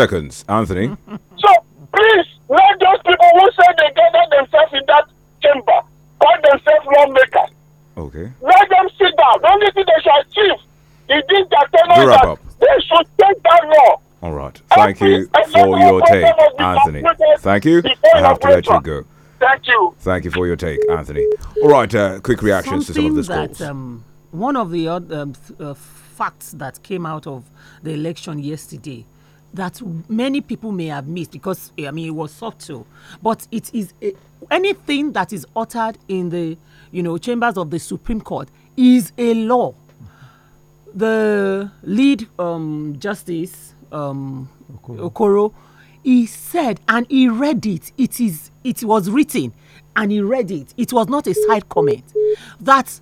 seconds, Anthony. So please let those people who say they gathered themselves in that chamber call themselves lawmakers. Okay. Let them sit down. The only thing they shall achieve is this that that they should take that law. All right. Thank you for your take, Anthony. Thank you. I have to let you go. Thank you. Thank you for your take, Anthony. All right. Uh, quick reactions Something to some of this calls. Um, one of the other um, uh, facts that came out of the election yesterday that many people may have missed because I mean it was subtle, but it is a, eh, anything that is uttered in the you know chambers of the Supreme Court is a law. The lead um, justice um, Okoro. Okoro, he said and he read it. It is it was written and he read it. It was not a side comment that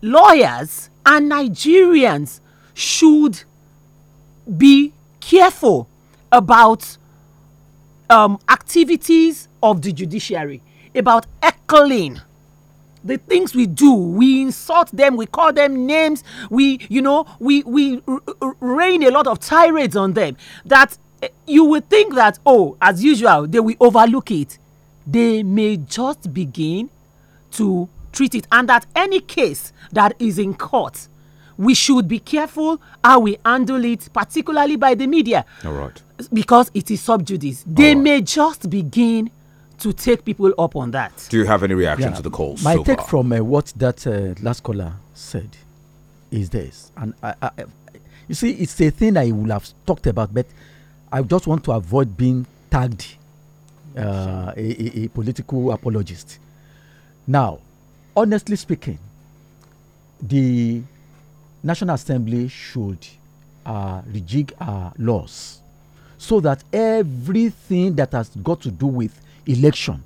lawyers and Nigerians should be careful about um, activities of the judiciary, about echoing the things we do we insult them we call them names we you know we we rain a lot of tirades on them that eh, you would think that oh as usual they will overlook it they may just begin to treat it and that any case that is in court we should be careful how we handle it, particularly by the media. All right. Because it is sub judice. They right. may just begin to take people up on that. Do you have any reaction yeah, to the calls? My so take far? from uh, what that uh, last caller said is this, and I, I, you see, it's a thing I will have talked about, but I just want to avoid being tagged uh, a, a political apologist. Now, honestly speaking, the National Assembly should uh, rejig our laws so that everything that has got to do with election,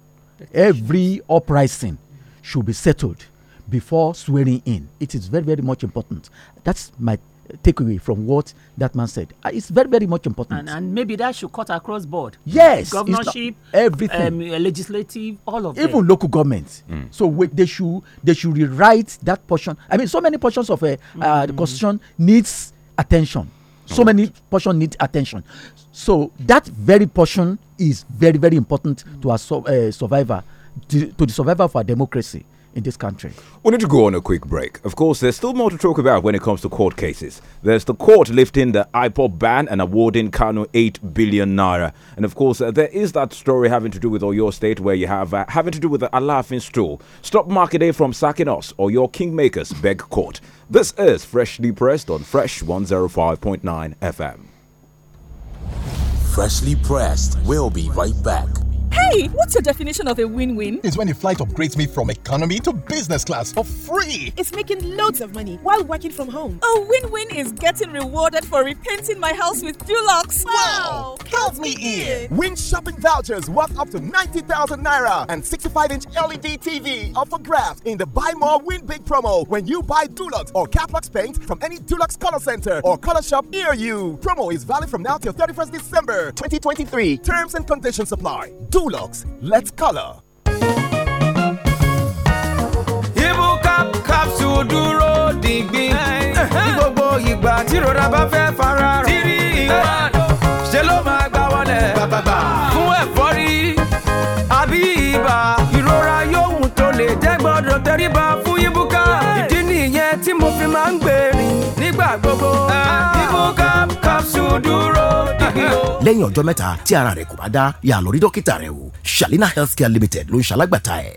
every uprising should be settled before swearing in. It is very, very much important. That's my takeaway from what that man said. Uh, it's very, very much important. And, and maybe that should cut across board. Yes, governorship, everything, um, uh, legislative, all of even them. local governments. Mm. So we, they should they should rewrite that portion. I mean, so many portions of uh, mm. the hmm. constitution needs attention. So many portion need attention. So that very portion is very, very important mm. to a uh, survivor, to, to the survivor of our democracy in this country. We need to go on a quick break. Of course, there's still more to talk about when it comes to court cases. There's the court lifting the iPod ban and awarding Kano 8 billion naira. And of course, uh, there is that story having to do with your State where you have uh, having to do with the Alafin stool. Stop Market Day from sacking us or your kingmakers beg court. This is Freshly Pressed on Fresh 105.9 FM. Freshly Pressed. We'll be right back. Hey, what's your definition of a win-win? Is when a flight upgrades me from economy to business class for free. It's making loads of money while working from home. A win-win is getting rewarded for repainting my house with Dulux. Wow! wow. Count me in. in. Win shopping vouchers worth up to 90,000 naira and 65-inch LED TV up for grabs in the Buy More Win Big promo when you buy Dulux or Caplux paint from any Dulux color center or color shop near you. Promo is valid from now till 31st December 2023. Terms and conditions apply. Dulux Dulux, let's color. Ibucap capsule dúró digbí. Ní gbogbo ìgbà tí ìrora bá fẹ́ fara rọ̀. Tírí ìwà ṣe ló máa gbá wọlé. Bàbàbà fún ẹ̀fọ́rí àbí ibà. Ìrora yóò tó lè jẹ́ gbọ́dọ̀ tẹríba fún Ibucap. Ìdí nìyẹn tí mo fi máa ń gbèrè nígbà gbogbo. Ah. Ibucap capsule dúró lẹ́yìn ọjọ́ mẹ́ta tí ara rẹ̀ kò bá dá yà lọ dókítà rẹ̀ o Shalina Healthcare Limited ló ń ṣalágbàtà ẹ̀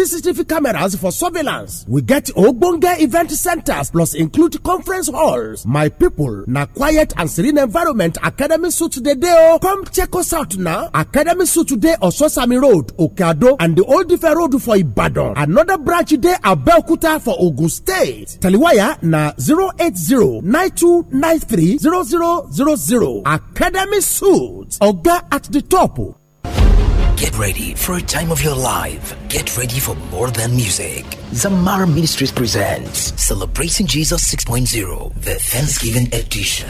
CCTV cameras for surveillance. We get Ogbonge event centers plus include conference halls. My people, na quiet and serene environment Academy Suit today dey o. Come check us out now. Academy Suit today Sosami Road, Okeado and the Old Ife Road for Ibadan. Another branch at Belkuta for Ogun State. Taliwaya na 08092930000. Academy Suit. Oga at the top. Get ready for a time of your life Get ready for more than music. Zamar Ministries presents Celebrating Jesus 6.0, the Thanksgiving edition.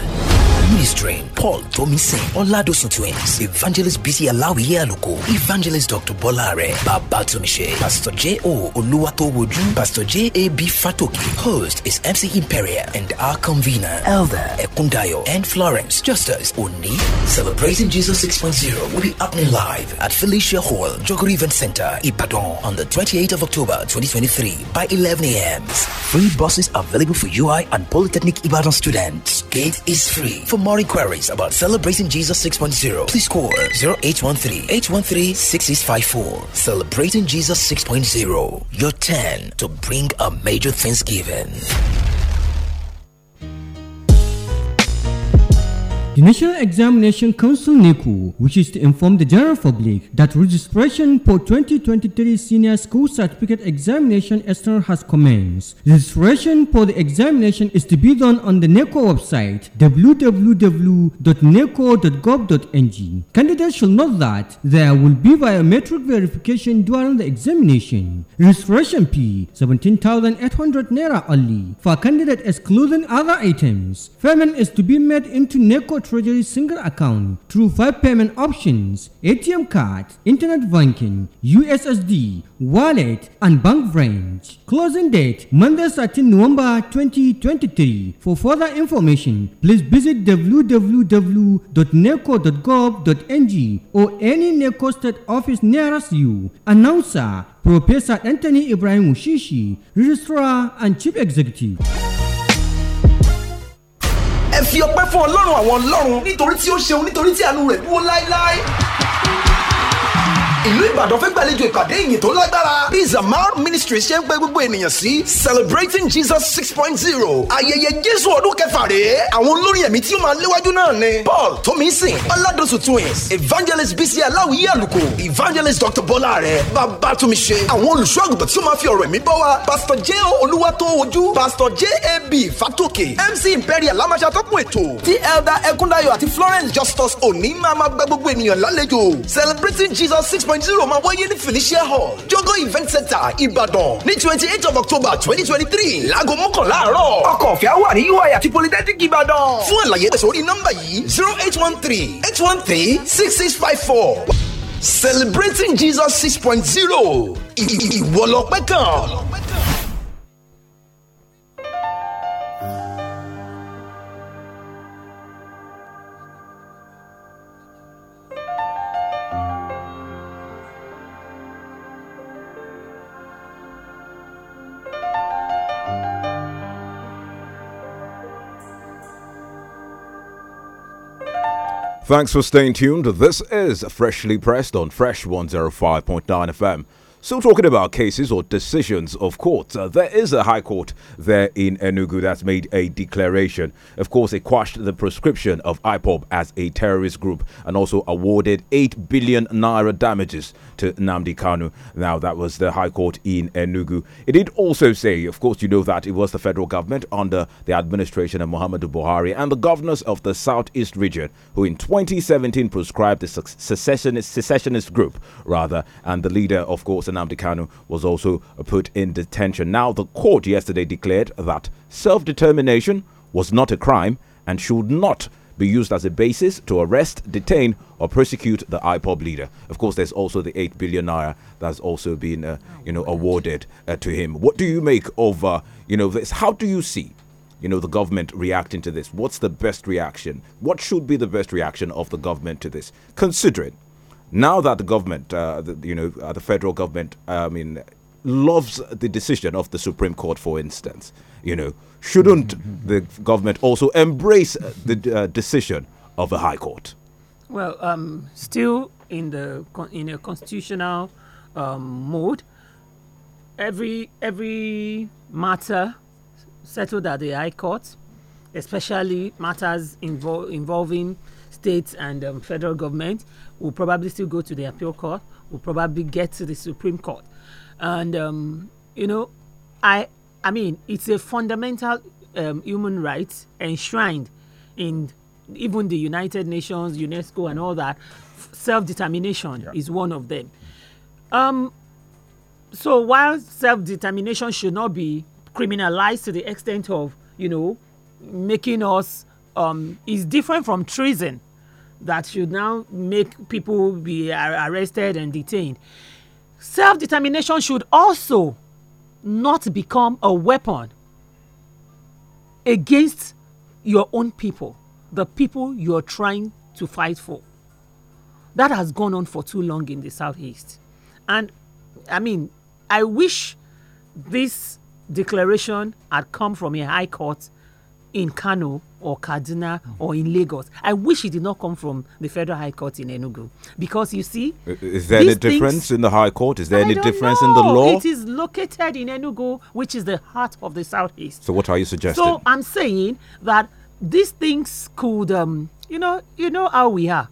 Ministering Paul Tomise, Oladosun Twins, Evangelist BC Alawi Aluko, Evangelist Dr. Bolare, Baba Tomise, Pastor J.O. Oluwatowoju, Pastor J.A.B. Fatoki. Host is MC Imperia and our convener, Elder Ekundayo and Florence Justice Oni. Celebrating Jesus 6.0 will be happening live at Felicia Hall, Jogger Event Center, Ipadon on the 28th of October 2023 by 11 a.m. Free buses available for UI and Polytechnic Ibadan students. Gate is free. For more inquiries about celebrating Jesus 6.0, please call 0813 813 6654. Celebrating Jesus 6.0. Your turn to bring a major Thanksgiving. The National Examination Council NECU wishes to inform the general public that registration for 2023 Senior School Certificate Examination External has commenced. Registration for the examination is to be done on the NECO website www.neco.gov.ng. Candidates should note that there will be biometric verification during the examination. Registration fee 17,800 naira only for candidate excluding other items. Payment is to be made into NECO treasury single account through five payment options, ATM card, internet banking, USSD, wallet, and bank branch. Closing date, Monday 13 November 2023. For further information, please visit www.neco.gov.ng or any NECO state office nearest you. Announcer, Professor Anthony Ibrahim Ushishi, Registrar and Chief Executive. fi ọpẹ́ fún ọlọ́run àwọn ọlọ́run nítorí tí ó ṣeun nítorí tí àánú rẹ̀ dúró láéláé ìlú ìbàdàn fẹ́ gbàlejò ìpàdé ìyìn tó lágbára bí zamar ministry ṣe ń pè gbogbo ènìyàn sí celebrating jesus six point zero ayẹyẹ jésù ọdún kẹfà rèé àwọn olórin ẹ̀mí tí ó máa léwájú náà ni paul tomisin oladosu twins evangelist bisi aláwìyí àlùkò evangelist dr bọ́lá rẹ̀ babatumise àwọn olùṣọ́ àgùntàn tí ó máa fi ọ̀rọ̀ ẹ̀mí bọ́ wa pastor j o olúwatóojú pastor j a b fatoke mc imperial lamasa tó kún ètò tí elder ẹkúndáyọ̀ àti florence justus òní máa máa gbẹ gbogbo ènìyàn lálejò celebrating jesus six point zero máa wáyé ní Felicia Hall Jogo Event Center Ibadan. ní twenty eight of October twenty twenty three láago mọ́kànlá àárọ̀. Ọkọ̀ ọ̀fẹ́ wà ní UI àti Polytechnic Ìbàdàn. Fún àlàyé sórí nọ́mbà yìí zero eight one three eight one three six six five four. Celebrating Jesus six point zero ìwọlọ́pẹ́ kan. Thanks for staying tuned. This is Freshly Pressed on Fresh 105.9 FM. So, talking about cases or decisions of courts, uh, there is a High Court there in Enugu that's made a declaration. Of course, it quashed the prescription of IPOB as a terrorist group and also awarded 8 billion naira damages to Namdi Kanu. Now, that was the High Court in Enugu. It did also say, of course, you know that it was the federal government under the administration of Muhammadu Buhari and the governors of the Southeast region who in 2017 prescribed the secessionist, secessionist group, rather, and the leader, of course, Mr. Namdekanu was also put in detention. Now, the court yesterday declared that self determination was not a crime and should not be used as a basis to arrest, detain, or prosecute the IPOB leader. Of course, there's also the 8 billion naira that's also been, uh, you know, awarded uh, to him. What do you make of, uh, you know, this? How do you see, you know, the government reacting to this? What's the best reaction? What should be the best reaction of the government to this, considering now that the government, uh, the, you know, uh, the federal government, uh, I mean, loves the decision of the Supreme Court, for instance, you know, shouldn't mm-hmm, mm-hmm. the government also embrace uh, the uh, decision of the High Court? Well, um, still in the in a constitutional um, mode, every every matter settled at the High Court, especially matters invo involving state and um, federal government will probably still go to the appeal court, will probably get to the Supreme Court. And, um, you know, I, I mean, it's a fundamental um, human right enshrined in even the United Nations, UNESCO, and all that. Self determination yeah. is one of them. Um, so while self determination should not be criminalized to the extent of, you know, making us um, is different from treason that should now make people be arrested and detained. Self determination should also not become a weapon against your own people, the people you're trying to fight for. That has gone on for too long in the Southeast. And I mean, I wish this declaration had come from a high court in Kano or Kaduna mm. or in Lagos. I wish it did not come from the Federal High Court in Enugu because you see, is there any difference things, in the High Court? Is there I any difference know. in the law? It is located in Enugu, which is the heart of the southeast. So what are you suggesting? So I'm saying that these things could, um, you know, you know how we are.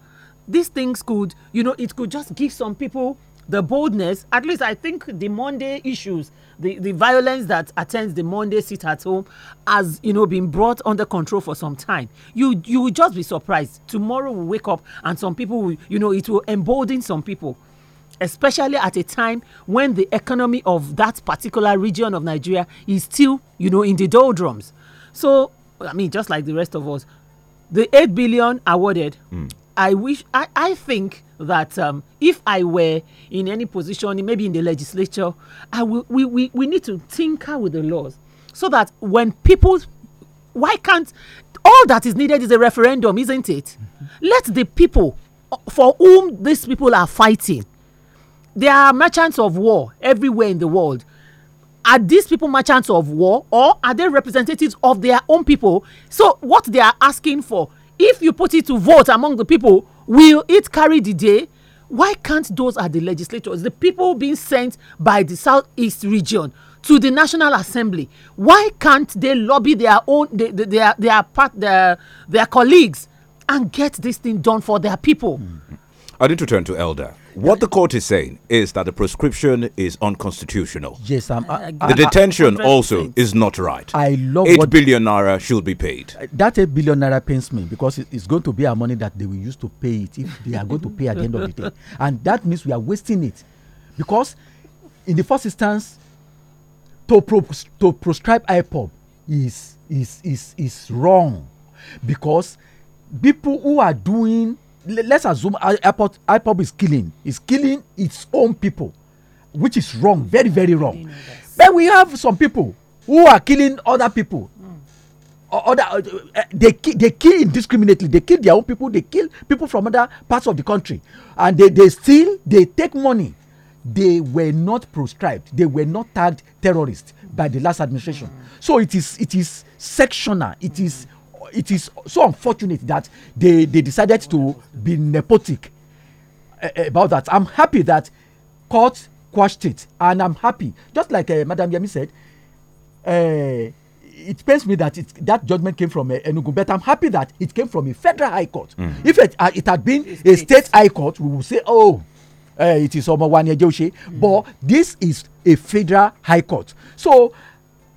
These things could, you know, it could just give some people the boldness, at least I think the Monday issues, the, the violence that attends the Monday sit at home has, you know, been brought under control for some time. You you will just be surprised. Tomorrow we will wake up and some people will, you know, it will embolden some people. Especially at a time when the economy of that particular region of Nigeria is still, you know, in the doldrums. So, I mean, just like the rest of us, the 8 billion awarded, mm. I wish I, I think that um, if I were in any position, maybe in the legislature, I will, we, we, we need to tinker with the laws so that when people, why can't, all that is needed is a referendum, isn't it? Mm -hmm. Let the people for whom these people are fighting, they are merchants of war everywhere in the world. Are these people merchants of war or are they representatives of their own people? So, what they are asking for if you put it to vote among the people will it carry the day why can't those are the legislators the people being sent by the southeast region to the national assembly why can't they lobby their own their their their, part, their, their colleagues and get this thing done for their people. Mm. I need to turn to Elder what the court is saying is that the prescription is unconstitutional. Yes, I'm. I, I, the detention I, also is not right. I love eight billion naira should be paid. Uh, that eight billion naira pains me because it's going to be our money that they will use to pay it if they are going to pay at the end of the day, and that means we are wasting it, because in the first instance, to pro to prescribe IPOB is is is is wrong, because people who are doing let's assume IPOP is killing, is killing its own people, which is wrong, very, very wrong. But we have some people who are killing other people. Hmm. Other, uh, they, kill they kill indiscriminately. They kill their own people. They kill people from other parts of the country. And they, they steal, they take money. They were not proscribed. They were not tagged terrorists by the last administration. Mm. So it is, it is sectional. It mm. is it is so unfortunate that they they decided to be nepotic eh, eh, about that i'm happy that court quashed it and i'm happy just like uh, madam yemi said uh, it pains me that it, that judgment came from uh, Enugu, but I'm happy that it came from a federal high court. Mm. If it, uh, it had been a state high court, we would say, oh, uh, it is one Joshe. Mm. But this is a federal high court. So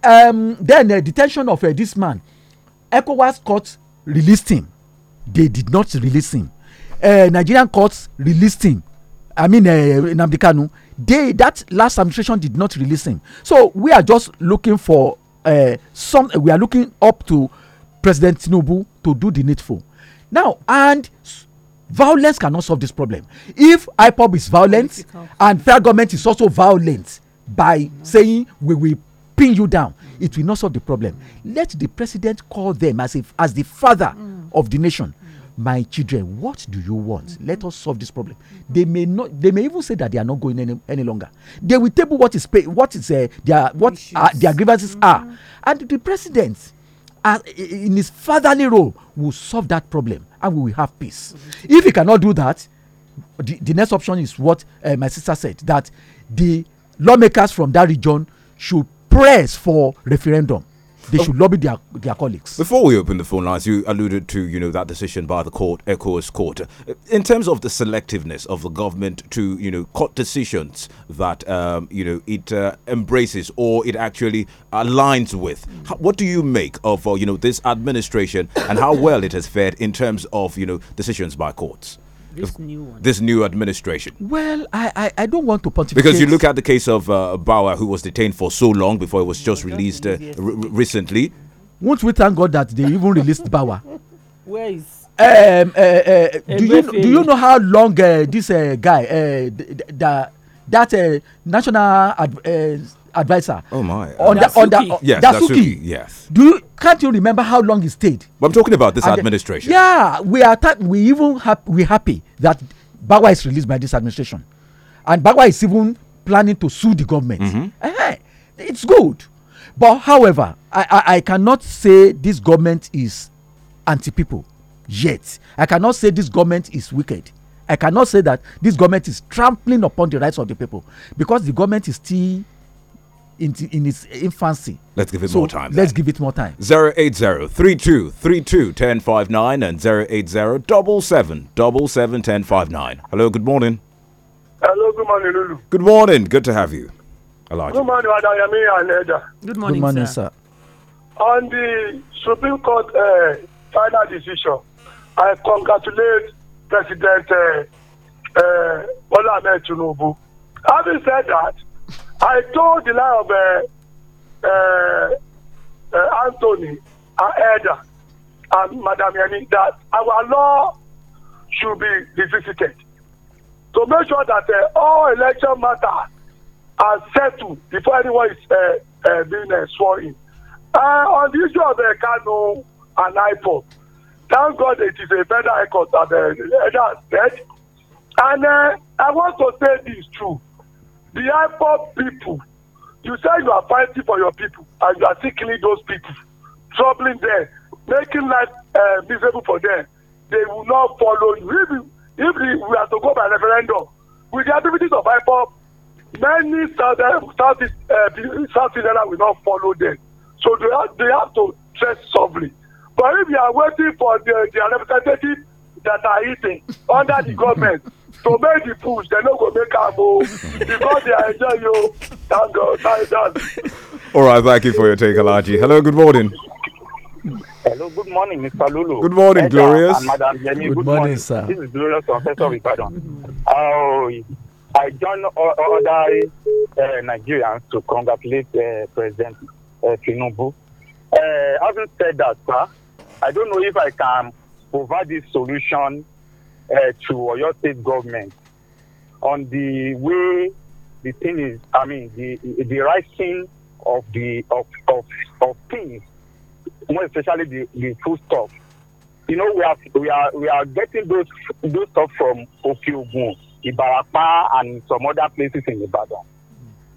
um, then uh, detention of uh, this man ecowas court released him they did not release him uh, nigerian courts released him i mean uh, nnamdi kanu they that last administration did not release him so we are just looking for uh, some we are looking up to president tinubu to do the needful now and violence cannot solve this problem if ipob is violent Political. and federal government is also violent by saying we will pin you down, it will not solve the problem. Let the president call them as if as the father mm. of the nation my children what do you want let us solve this problem they may not they may even say that they are not going any, any longer they will table what is pay what is uh, their what are, ah, their grievances mm are mm-hmm. and the president uh, in his fatherly role will solve that problem and we will have peace mm-hmm. if he cannot do that the, the next option is what eh, my sister said that the lawmakers from that region should press for referendum they oh. should lobby their their colleagues. Before we open the phone lines, you alluded to you know that decision by the court, ECOWAS court, uh, in terms of the selectiveness of the government to you know court decisions that um, you know it uh, embraces or it actually aligns with. How, what do you make of uh, you know this administration and how well it has fared in terms of you know decisions by courts? This new one. This new administration. Well, I, I, I don't want to pontificate. Because you look at the case of uh, Bauer, who was detained for so long before he was just released uh, recently. Won't we thank God that they even released Bauer? Where is um, uh, uh, do you do you know how long uh, this uh, guy uh, the, that uh, national ad, advisor oh my on that on that yes Datsuki. yes do you can't you remember how long he stayed? But I'm talking about this and administration. yeah, we are we even hap we happy that Bagua is released by this administration, and Bagua is even planning to sue the government. Mm -hmm. uh -huh. It's good, but however, I, I, I cannot say this government is anti people yet. I cannot say this government is wicked. I cannot say that this government is trampling upon the rights of the people because the government is still in, in its infancy. Let's give it so more time. Let's then. give it more time. 080-3232-1059 and 080-777-1059. Hello, good morning. Hello, good morning, Lulu. Good morning. Good to have you. Elijah. Good morning, Adayami and Eda. Good morning, good morning sir. sir. On the Supreme Court uh, final decision, I congratulate President uh, uh, Bola Tinubu. Having said that, I told the line of uh, uh, uh Anthony, our uh, elder, and Madam Yanni that our law should be revisited to make sure that uh, all election matters are settled before anyone is uh, uh, being uh, sworn in. Uh, on the issue of the uh, Kano and IPOP, thank God it is a federal than that uh, the said. And uh, I want to say this truth the ipob people you say you are fighting for your people and you are still killing those people troubling them making life uh, miserable for them they will not follow you if if we are to go by referendum with the activities of ipob many south eh, south east uh, will not follow them so they have they have to tread softly but if you are waiting for the the representative that are eating under the government to make the push dem no go make am o because they enjoy you thank god thank god. all right thank you for your take alaji hello good morning. Hello, good morning, Mr. Lulu. Good morning, Glorious. good, good morning, sir. This is Glorious Professor Ricardo. Oh, uh, I join other uh, Nigerians to congratulate uh, President uh, Tinubu. Uh, having said that, sir, I don't know if I can provide this solution uh, to Oyo State government on the way the thing is, I mean, the the rising of the of of, of things, more especially the the food stuff. You know, we are we are we are getting those those stuff from Okiogun, Ibarapa, and some other places in Ibadan.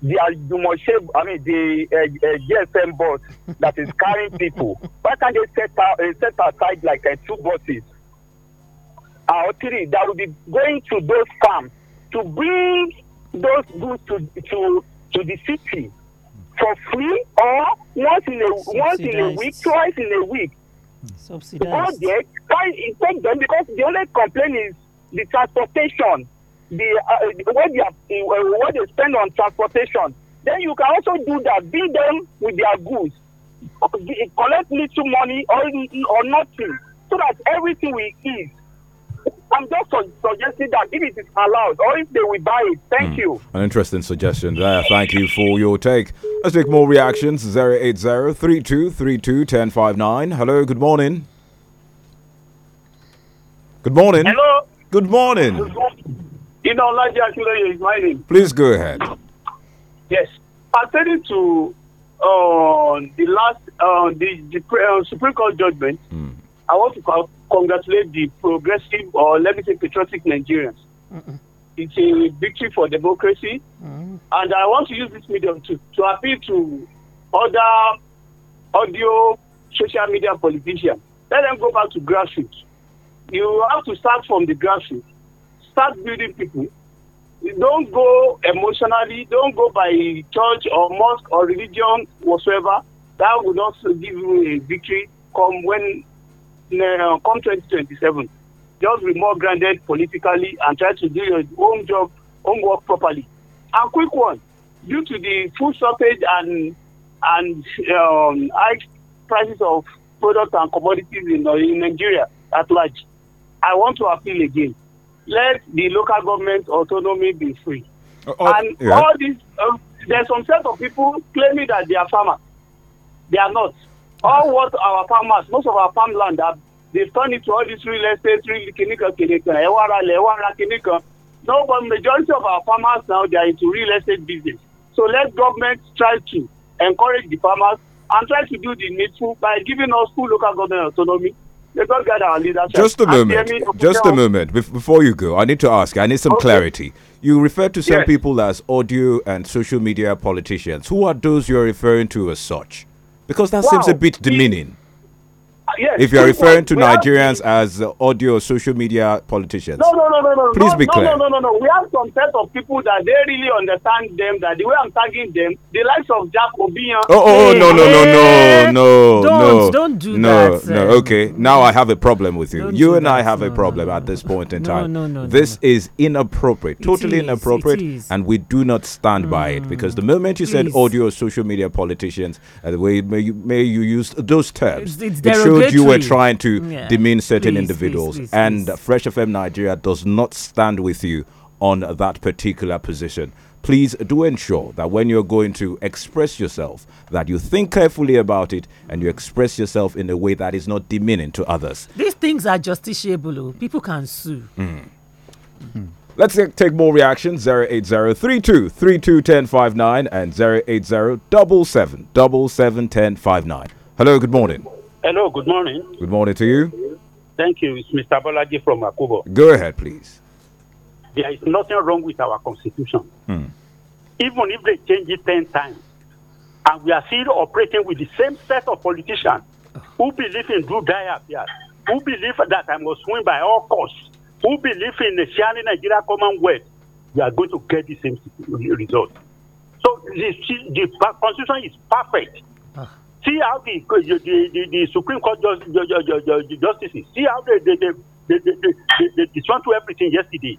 Mm-hmm. The most, I mean, the uh, uh, GSM bus that is carrying people. Why can't they set out, uh, set aside like uh, two buses or three that will be going to those farms to bring those goods to to to the city for free or once in a once in a week, twice in a week. Subsidized. Go there, take them because the only complaint is the transportation, the uh, what they have, uh, what they spend on transportation. Then you can also do that, bring them with their goods, uh, collect little money or or nothing, so that everything will eat. I'm just su- suggesting that if it is allowed or if they will buy it. Thank mm. you. An interesting suggestion there. Thank you for your take. Let's take more reactions. 080-3232-1059. Hello, good morning. Good morning. Hello. Good morning. You know, like is my name. Please go ahead. Yes. Pertaining to uh, the last, uh, the, the uh, Supreme Court judgment, mm. I want to call congratulate the progressive or let me say patriotic Nigerians. Mm -mm. It's a victory for democracy, mm. and I want to use this medium to to appeal to other audio social media politicians. Let them go back to grassroots. You have to start from the grassroots. Start building people. Don't go emotionally. Don't go by church or mosque or religion whatsoever. That will not give you a victory come when uh, come 2027, just be more grounded politically and try to do your own job, homework properly. A quick one, due to the food shortage and and um, high prices of products and commodities in, uh, in Nigeria at large, I want to appeal again. Let the local government autonomy be free. uh, uh and yeah. all these, uh, there's some set of people claiming that they are farmers. They are not. All what our farmers, most of our farmland, are, they've turned into all this real estate, real kinika kinika, eh, ewara lewara kinika. No, but majority of our farmers now, they are into real estate business. So let government try to encourage the farmers and try to do the needful by giving us full local government autonomy. Just a moment. Just a moment. Before you go, I need to ask. I need some okay. clarity. You refer to some yes. people as audio and social media politicians. Who are those you're referring to as such? Because that seems a bit demeaning yes, if you're referring to Nigerians have, as audio social media politicians. No, no, no, no, no. Please no, be clear. No, no, no, no. We have some set of people that they really understand them. That the way I'm tagging them, the likes of Jack Obian. Oh, oh, oh no, no, no, no, no, don't, no. Don't do no, that. No, no. Okay, now I have a problem with you. Don't you and that. I have no, a problem no, at this point in time. No, no, no. This is inappropriate, totally inappropriate, and we do not stand mm. by it because the moment you Please. said audio social media politicians, uh, the way may you, may you use those terms, it's, it's it thought you were trying to yeah. demean certain please, individuals, please, please, and Fresh FM Nigeria does not stand with you on that particular position. Please do ensure that when you're going to express yourself, that you think carefully about it and you express yourself in a way that is not demeaning to others. These things are justiciable. Oh. People can sue. Mm. Mm. Let's take more reactions 08032 and 08077 Hello, good morning. Hello, good morning. Good morning to you. Thank you. It's Mr. Bolaji from Akubo. Go ahead, please. There is nothing wrong with our constitution. Hmm. Even if they change it 10 times, and we are still operating with the same set of politicians who believe in blue die who believe that I must win by all costs, who believe in the sharing Nigeria Commonwealth, we are going to get the same result. So the, the constitution is perfect. Ah. See how the the, the, the Supreme Court just, justices see how they they they, they, they, they, everything yesterday.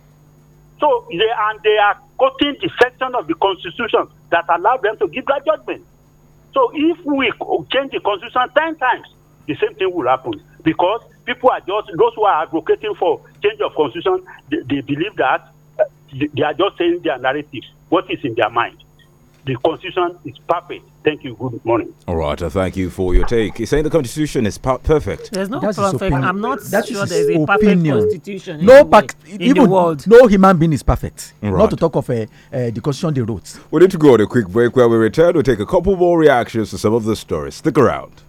So they and they are cutting the section of the constitution that allow them to give that judgment. So if we change the constitution ten times, the same thing will happen because people are just those who are advocating for change of constitution. They, they believe that uh, they are just saying their narrative, what is in their mind the constitution is perfect. Thank you. Good morning. All right. Uh, thank you for your take. He's saying the constitution is perfect. There's no That's perfect. I'm not That is sure there's a perfect opinion. constitution. No, pac- even no human being is perfect. Right. Not to talk of uh, uh, the constitution they wrote. We need to go on a quick break. Where we return, we'll take a couple more reactions to some of the stories. Stick around.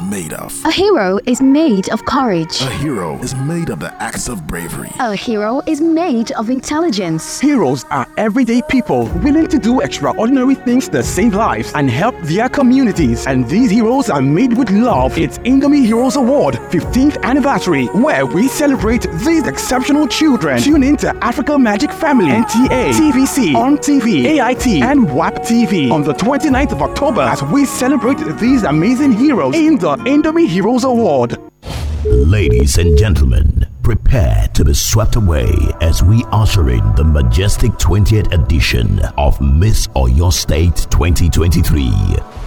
made of? A hero is made of courage. A hero is made of the acts of bravery. A hero is made of intelligence. Heroes are everyday people willing to do extraordinary things that save lives and help their communities. And these heroes are made with love. It's InGami Heroes Award 15th anniversary, where we celebrate these exceptional children. Tune in to Africa Magic Family, NTA, TVC, On TV, AIT, and WAP TV on the 29th of October as we celebrate these amazing heroes in the Indomie Heroes Award. Ladies and gentlemen, prepare to be swept away as we usher in the majestic 20th edition of Miss or Your State 2023.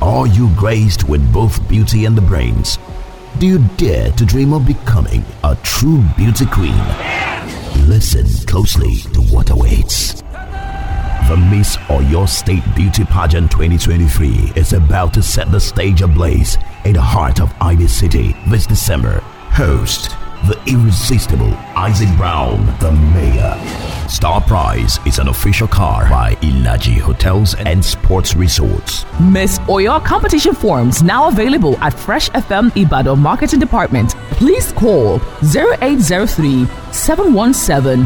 Are you graced with both beauty and the brains? Do you dare to dream of becoming a true beauty queen? Listen closely to what awaits. The Miss or Your State Beauty Pageant 2023 is about to set the stage ablaze in the heart of Ivy City this December. Host the irresistible Isaac Brown, the mayor. Star Prize is an official car by Ilaji Hotels and Sports Resorts. Miss Oyo competition forms now available at Fresh FM Ibadan Marketing Department. Please call 0803 717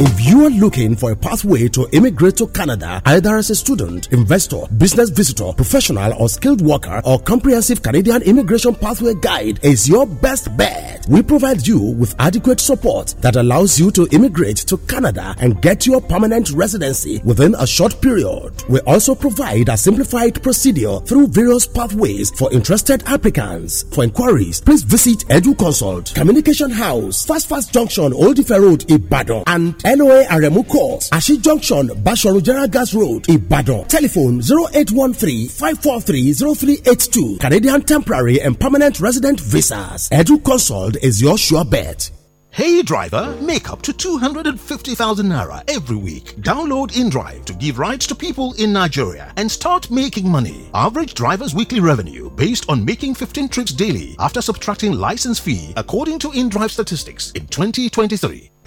If you are looking for a pathway to immigrate to Canada, either as a student, investor, business visitor, professional, or skilled worker, our comprehensive Canadian immigration pathway guide is your best bet. We provide you with adequate support that allows you to immigrate to Canada and get your permanent residency within a short period. We also provide a simplified procedure through various pathways for interested applicants. For inquiries, please visit EduConsult, Communication House, Fast Fast Junction, Old Ife Road, Ibadan, and NOA Aremu Course, Ashi Junction, General Gas Road, Ibadan. Telephone 0813-543-0382. Canadian Temporary and Permanent Resident Visas. Edu Consult is your sure bet. Hey driver, make up to 250,000 naira every week. Download InDrive to give rights to people in Nigeria and start making money. Average driver's weekly revenue based on making 15 trips daily after subtracting license fee according to InDrive statistics in 2023.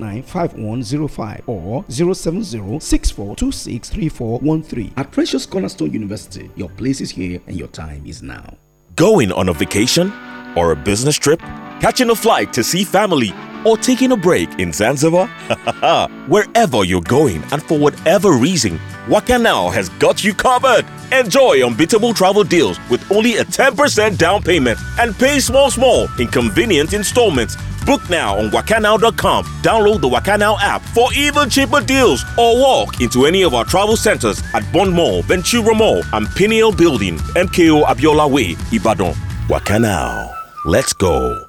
095105 or 070 At Precious Cornerstone University, your place is here and your time is now. Going on a vacation or a business trip, catching a flight to see family, or taking a break in Zanzibar? Wherever you're going and for whatever reason, Waka Now has got you covered. Enjoy unbeatable travel deals with only a 10% down payment and pay small, small in convenient installments Book now on wakanow.com. Download the Wakanow app for even cheaper deals or walk into any of our travel centers at Bond Mall, Ventura Mall, and Pineal Building, MKO Abiola Way, Ibadan. Wakanow. Let's go.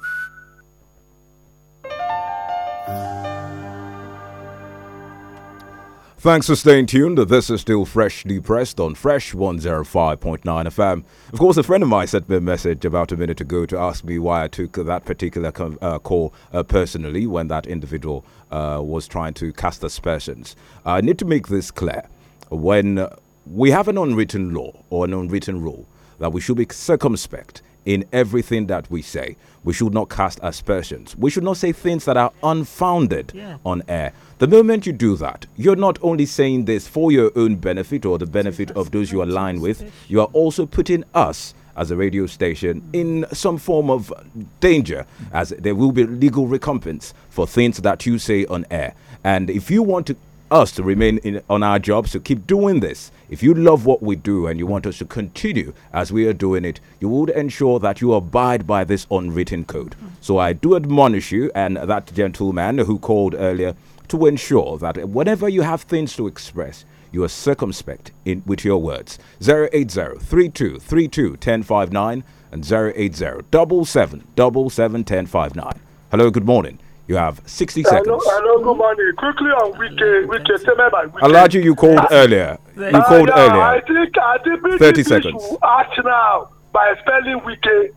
Thanks for staying tuned. This is still freshly pressed on Fresh 105.9 FM. Of course, a friend of mine sent me a message about a minute ago to ask me why I took that particular uh, call uh, personally when that individual uh, was trying to cast aspersions. I need to make this clear. When we have an unwritten law or an unwritten rule that we should be circumspect in everything that we say, we should not cast aspersions. We should not say things that are unfounded yeah. on air. The moment you do that, you're not only saying this for your own benefit or the benefit of those you align with, you are also putting us as a radio station in some form of danger, as there will be legal recompense for things that you say on air. And if you want to us to remain in, on our jobs to keep doing this. If you love what we do and you want us to continue as we are doing it, you would ensure that you abide by this unwritten code. So I do admonish you and that gentleman who called earlier to ensure that whenever you have things to express, you are circumspect in, with your words. 080-3232-1059 and 080-777-1059. Hello, good morning. You have 60 hello, seconds. Hello, good morning. Quickly on Wike, Wike, say i bye. Alaji, you called ah, earlier. You ah, called yeah, earlier. I think, I think 30 seconds. act now by spelling Wike.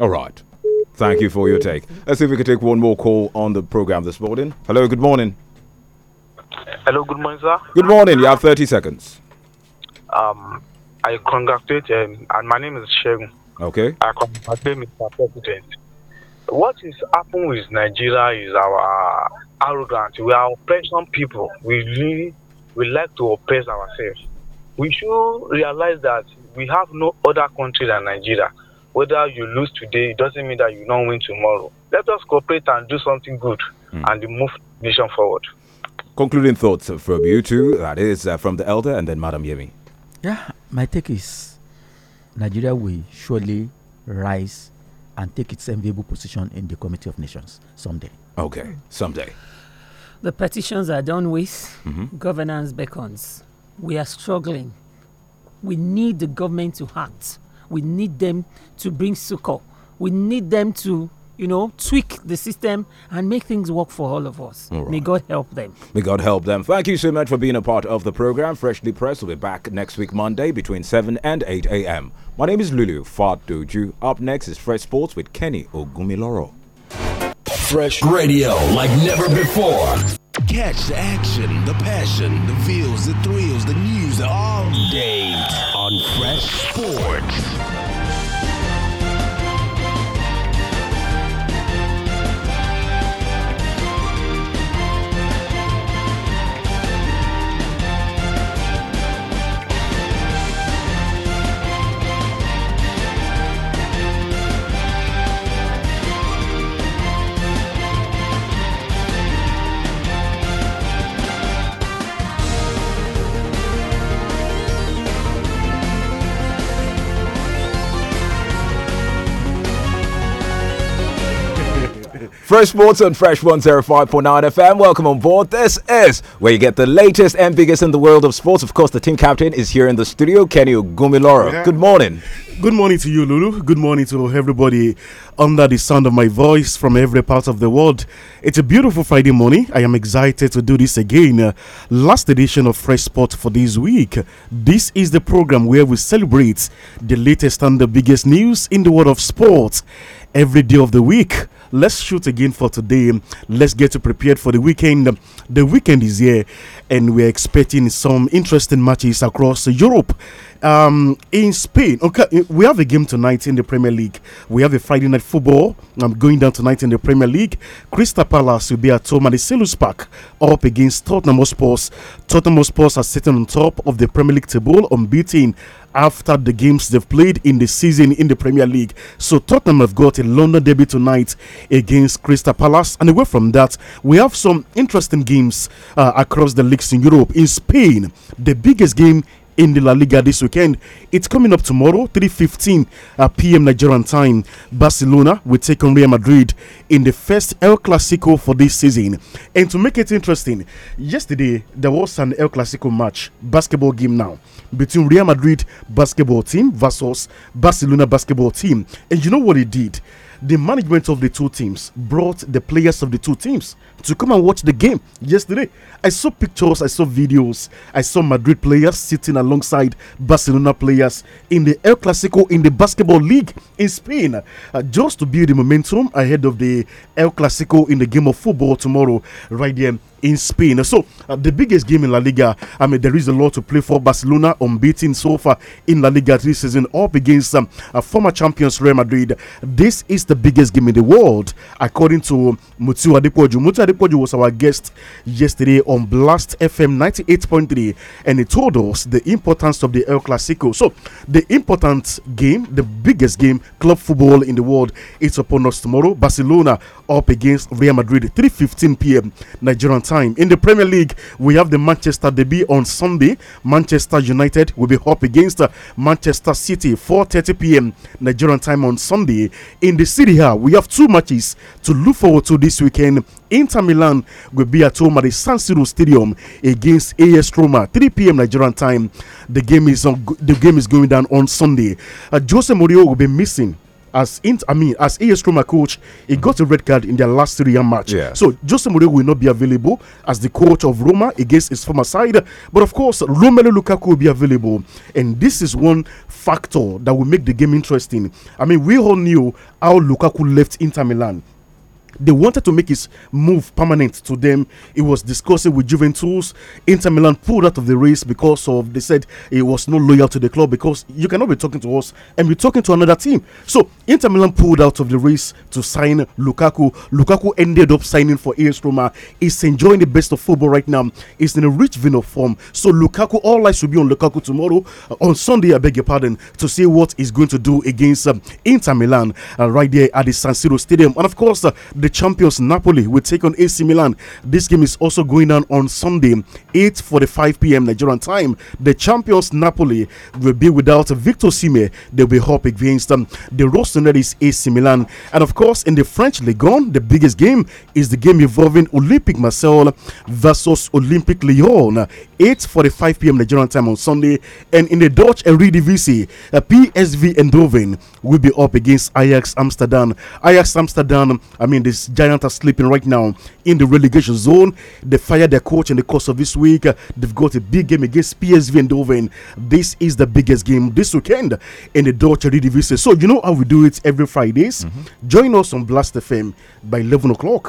All right. Thank you for your take. Let's see if we can take one more call on the program this morning. Hello, good morning. Hello, good morning, sir. Good morning. You have 30 seconds. Um, I congratulate, um, and my name is Shegun. Okay. I congratulate Mr. President. What is happening with Nigeria is our arrogance. We are oppression people. We really, we like to oppress ourselves. We should realize that we have no other country than Nigeria whether you lose today, it doesn't mean that you don't win tomorrow. Let us cooperate and do something good mm. and move the nation forward. Concluding thoughts from you two, that is uh, from the elder and then Madam Yemi. Yeah, my take is Nigeria will surely rise and take its enviable position in the Committee of Nations someday. Okay, someday. The petitions are done with, mm -hmm. governance beckons. We are struggling. We need the government to act we need them to bring succor. We need them to, you know, tweak the system and make things work for all of us. All right. May God help them. May God help them. Thank you so much for being a part of the program. Freshly Pressed will be back next week, Monday, between 7 and 8 a.m. My name is Lulu Fatuju. Up next is Fresh Sports with Kenny Ogumiloro. Fresh radio like never before. Catch the action, the passion, the feels, the thrills, the news all day on Fresh Sports. Fresh Sports on Fresh 105.9 FM. Welcome on board. This is where you get the latest and biggest in the world of sports. Of course, the team captain is here in the studio, Kenny Ogumiloro. Yeah. Good morning. Good morning to you, Lulu. Good morning to everybody under the sound of my voice from every part of the world. It's a beautiful Friday morning. I am excited to do this again. Uh, last edition of Fresh Sports for this week. This is the program where we celebrate the latest and the biggest news in the world of sports every day of the week. Let's shoot again for today. Let's get prepared for the weekend. The weekend is here, and we're expecting some interesting matches across Europe. Um, in Spain, okay, eh, we have a game tonight in the Premier League. We have a Friday night football. I'm going down tonight in the Premier League. Crystal Palace will be at home at the Selous Park up against Tottenham Hotspur. Tottenham Hotspur are sitting on top of the Premier League table, unbeaten after the games they've played in the season in the Premier League. So Tottenham have got a London debut tonight against Crystal Palace. And away from that, we have some interesting games uh, across the leagues in Europe. In Spain, the biggest game in the La Liga this weekend. It's coming up tomorrow, 3.15 uh, p.m. Nigerian time. Barcelona will take on Real Madrid in the first El Clasico for this season. And to make it interesting, yesterday there was an El Clasico match, basketball game now, between Real Madrid basketball team versus Barcelona basketball team. And you know what it did? the management of the two teams brought the players of the two teams to come and watch the game yesterday. I saw pictures, I saw videos, I saw Madrid players sitting alongside Barcelona players in the El Clasico in the Basketball League in Spain, uh, just to build the momentum ahead of the El Clasico in the game of football tomorrow, right there in Spain. So, uh, the biggest game in La Liga, I mean, there is a lot to play for. Barcelona unbeaten so far in La Liga this season, up against um, uh, former champions Real Madrid. This is the biggest game in the world, according to Mutu Adepoju. Mutu Adepoju was our guest yesterday on Blast FM 98.3, and he told us the importance of the El Clasico. So, the important game, the biggest game, club football in the world, it's upon us tomorrow. Barcelona up against Real Madrid, 3:15 p.m. Nigerian time time. In the Premier League, we have the Manchester derby on Sunday. Manchester United will be up against uh, Manchester City 4:30 p.m. Nigerian time on Sunday. In the City here, we have two matches to look forward to this weekend. Inter Milan will be at home at the San Siro Stadium against AS Roma 3 p.m. Nigerian time. The game is on, the game is going down on Sunday. Uh, Jose Mourinho will be missing as Int, I mean, as AS Roma coach, he got a red card in their last three-year match. Yeah. So Jose Mourinho will not be available as the coach of Roma against his former side. But of course, Romelu Lukaku will be available, and this is one factor that will make the game interesting. I mean, we all knew how Lukaku left Inter Milan they wanted to make his move permanent to them. He was discussing with Juventus. Inter Milan pulled out of the race because of they said he was not loyal to the club because you cannot be talking to us and be talking to another team. So Inter Milan pulled out of the race to sign Lukaku. Lukaku ended up signing for AS Roma. He's enjoying the best of football right now. He's in a rich vein of form. So Lukaku, all eyes will be on Lukaku tomorrow, uh, on Sunday. I beg your pardon, to see what he's going to do against uh, Inter Milan uh, right there at the San Siro Stadium. And of course, uh, the champions Napoli will take on AC Milan. This game is also going on on Sunday, 8:45 p.m. Nigerian time. The champions Napoli will be without Victor Sime. They'll be up against them. Um, the Rossoneri's AC Milan. And of course, in the French Ligue 1, the biggest game is the game involving Olympic Marseille versus Olympic Lyon. 8:45 p.m. Nigerian time on Sunday. And in the Dutch Eredivisie, uh, PSV Eindhoven will be up against Ajax Amsterdam. Ajax Amsterdam, I mean, the this giant are sleeping right now in the relegation zone. They fired their coach in the course of this week. Uh, they've got a big game against PSV Eindhoven. This is the biggest game this weekend in the Dutch Eredivisie. So you know how we do it every Fridays. Mm -hmm. Join us on Blast FM by 11 o'clock.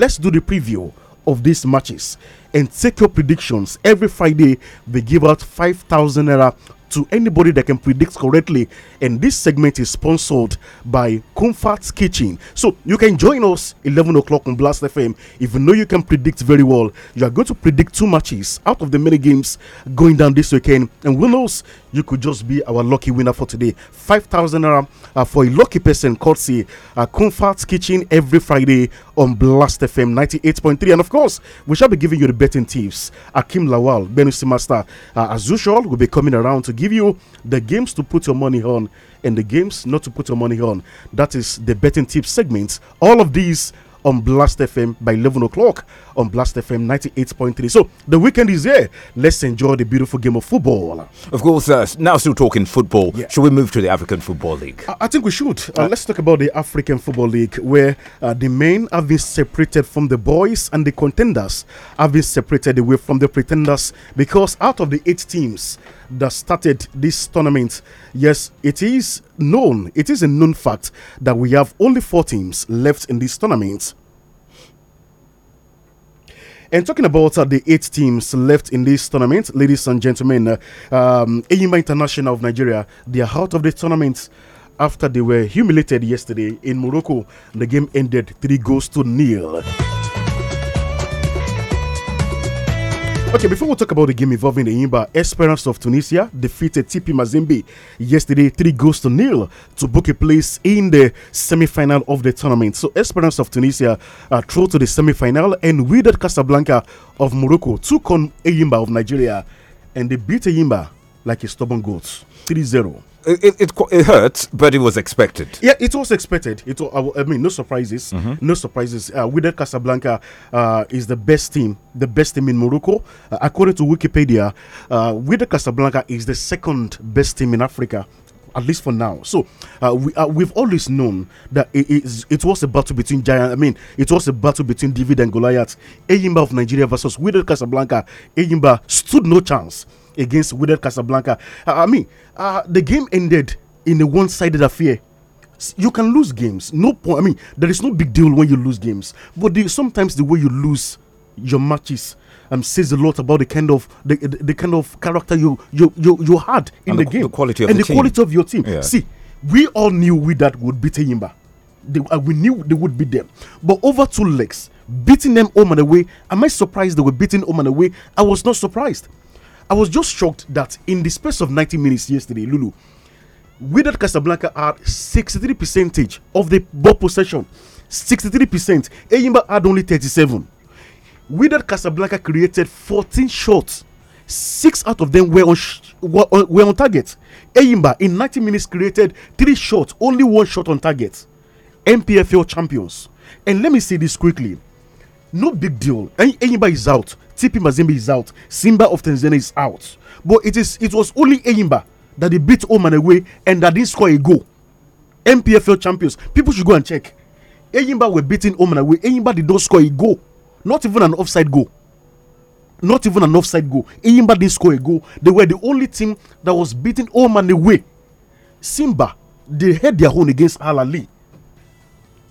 Let's do the preview of these matches and take your predictions. Every Friday, they give out 5,000 thousand euro to anybody that can predict correctly. And this segment is sponsored by Comfort Kitchen. So you can join us 11 o'clock on Blast FM. If you know you can predict very well, you are going to predict two matches out of the many games going down this weekend. And who knows, you could just be our lucky winner for today. 5,000 uh, for a lucky person, courtesy uh, Kitchen every Friday on Blast FM 98.3. And of course, we shall be giving you the betting tips. Akim Lawal, Benusi Master, uh, as usual, will be coming around to give you the games to put your money on and the games not to put your money on. That is the betting tips segment. All of these on Blast FM by 11 o'clock on Blast FM 98.3. So the weekend is here. Let's enjoy the beautiful game of football. Of course, uh, now still talking football. Yeah. Should we move to the African Football League? I, I think we should. Uh, uh, let's talk about the African Football League, where uh, the men have been separated from the boys and the contenders have been separated away from the pretenders because out of the eight teams, that started this tournament. Yes, it is known, it is a known fact that we have only four teams left in this tournament. And talking about uh, the eight teams left in this tournament, ladies and gentlemen, uh, um, Eyimba International of Nigeria, they are out of the tournament after they were humiliated yesterday in Morocco. The game ended three goals to nil. Okay, before we talk about the game involving the Imba, Esperance of Tunisia defeated TP Mazembe yesterday, three goals to nil, to book a place in the semi final of the tournament. So, Esperance of Tunisia are through to the semi final and withered Casablanca of Morocco took on Imba of Nigeria and they beat Imba like a stubborn goat 3 0 it, it, it hurts, but it was expected. Yeah, it was expected. It I mean, no surprises. Mm -hmm. No surprises. Uh, Wydad Casablanca uh, is the best team, the best team in Morocco. Uh, according to Wikipedia, uh, Wydad Casablanca is the second best team in Africa at least for now. So uh, we uh, we've always known that it, is, it was a battle between giant. I mean, it was a battle between David and Goliath. Eyimba of Nigeria versus Wydad Casablanca. Eyimba stood no chance against Wydad Casablanca. Uh, I mean, uh, the game ended in a one-sided affair. You can lose games. No point. I mean, there is no big deal when you lose games. But the, sometimes the way you lose your matches um, says a lot about the kind of the, the, the kind of character you you you, you had in the, the, game, the quality of and the, team. quality of your team. Yeah. See, we all knew we that would beat Yimba. They, uh, we knew they would beat them, but over two legs, beating them home and away. Am I surprised they were beating home and away? I was not surprised. I was just shocked that in the space of 90 minutes yesterday, Lulu, Wydad Casablanca had 63 percentage of the ball possession. 63%. Eyimba had only 37. Wydad Casablanca created 14 shots. Six out of them were on, were on, were on target. Eyimba in 90 minutes created three shots, only one shot on target. MPFL champions. And let me say this quickly. No big deal. Eyimba is out. TP Mazembe is out. Simba of Tanzania is out. But it is it was only Eyimba that they beat Oman away and that didn't score a goal. MPFL champions. People should go and check. Eyimba were beating Oman away. Eyimba did not score a goal. Not even an offside goal. Not even an offside goal. Eyimba didn't score a goal. They were the only team that was beating Oman away. Simba, they had their own against Al Ali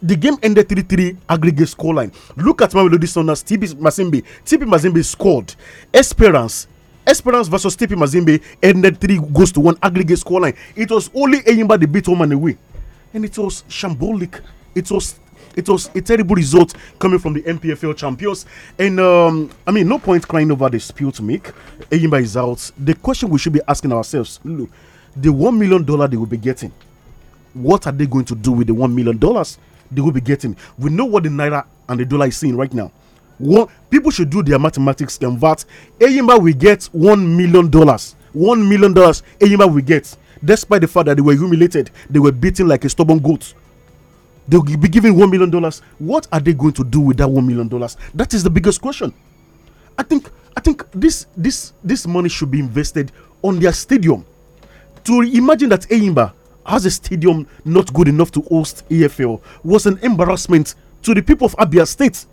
the game ended 3 3 aggregate scoreline. Look at Mamelodi Sundowns, TP Mazimbe. TP Mazimbe scored. Esperance Esperance versus TP Mazimbe ended three goals to one aggregate scoreline. It was only Eyimba the beat home and away, and it was shambolic. It was it was a terrible result coming from the MPFL champions. And um, I mean, no point crying over the spill to make. Eyimba is out. The question we should be asking ourselves: Look, the one million dollar they will be getting, what are they going to do with the one million dollars? they will be getting. We know what the naira and the dollar is seeing right now. One, people should do their mathematics. Convert. Eyimba will get one million dollars. One million dollars. Eyimba will get, despite the fact that they were humiliated, they were beaten like a stubborn goat. They'll be given one million dollars. What are they going to do with that one million dollars? That is the biggest question. I think I think this this this money should be invested on their stadium. To imagine that Eyimba as a stadium not good enough to host EFL was an embarrassment to the people of Abia State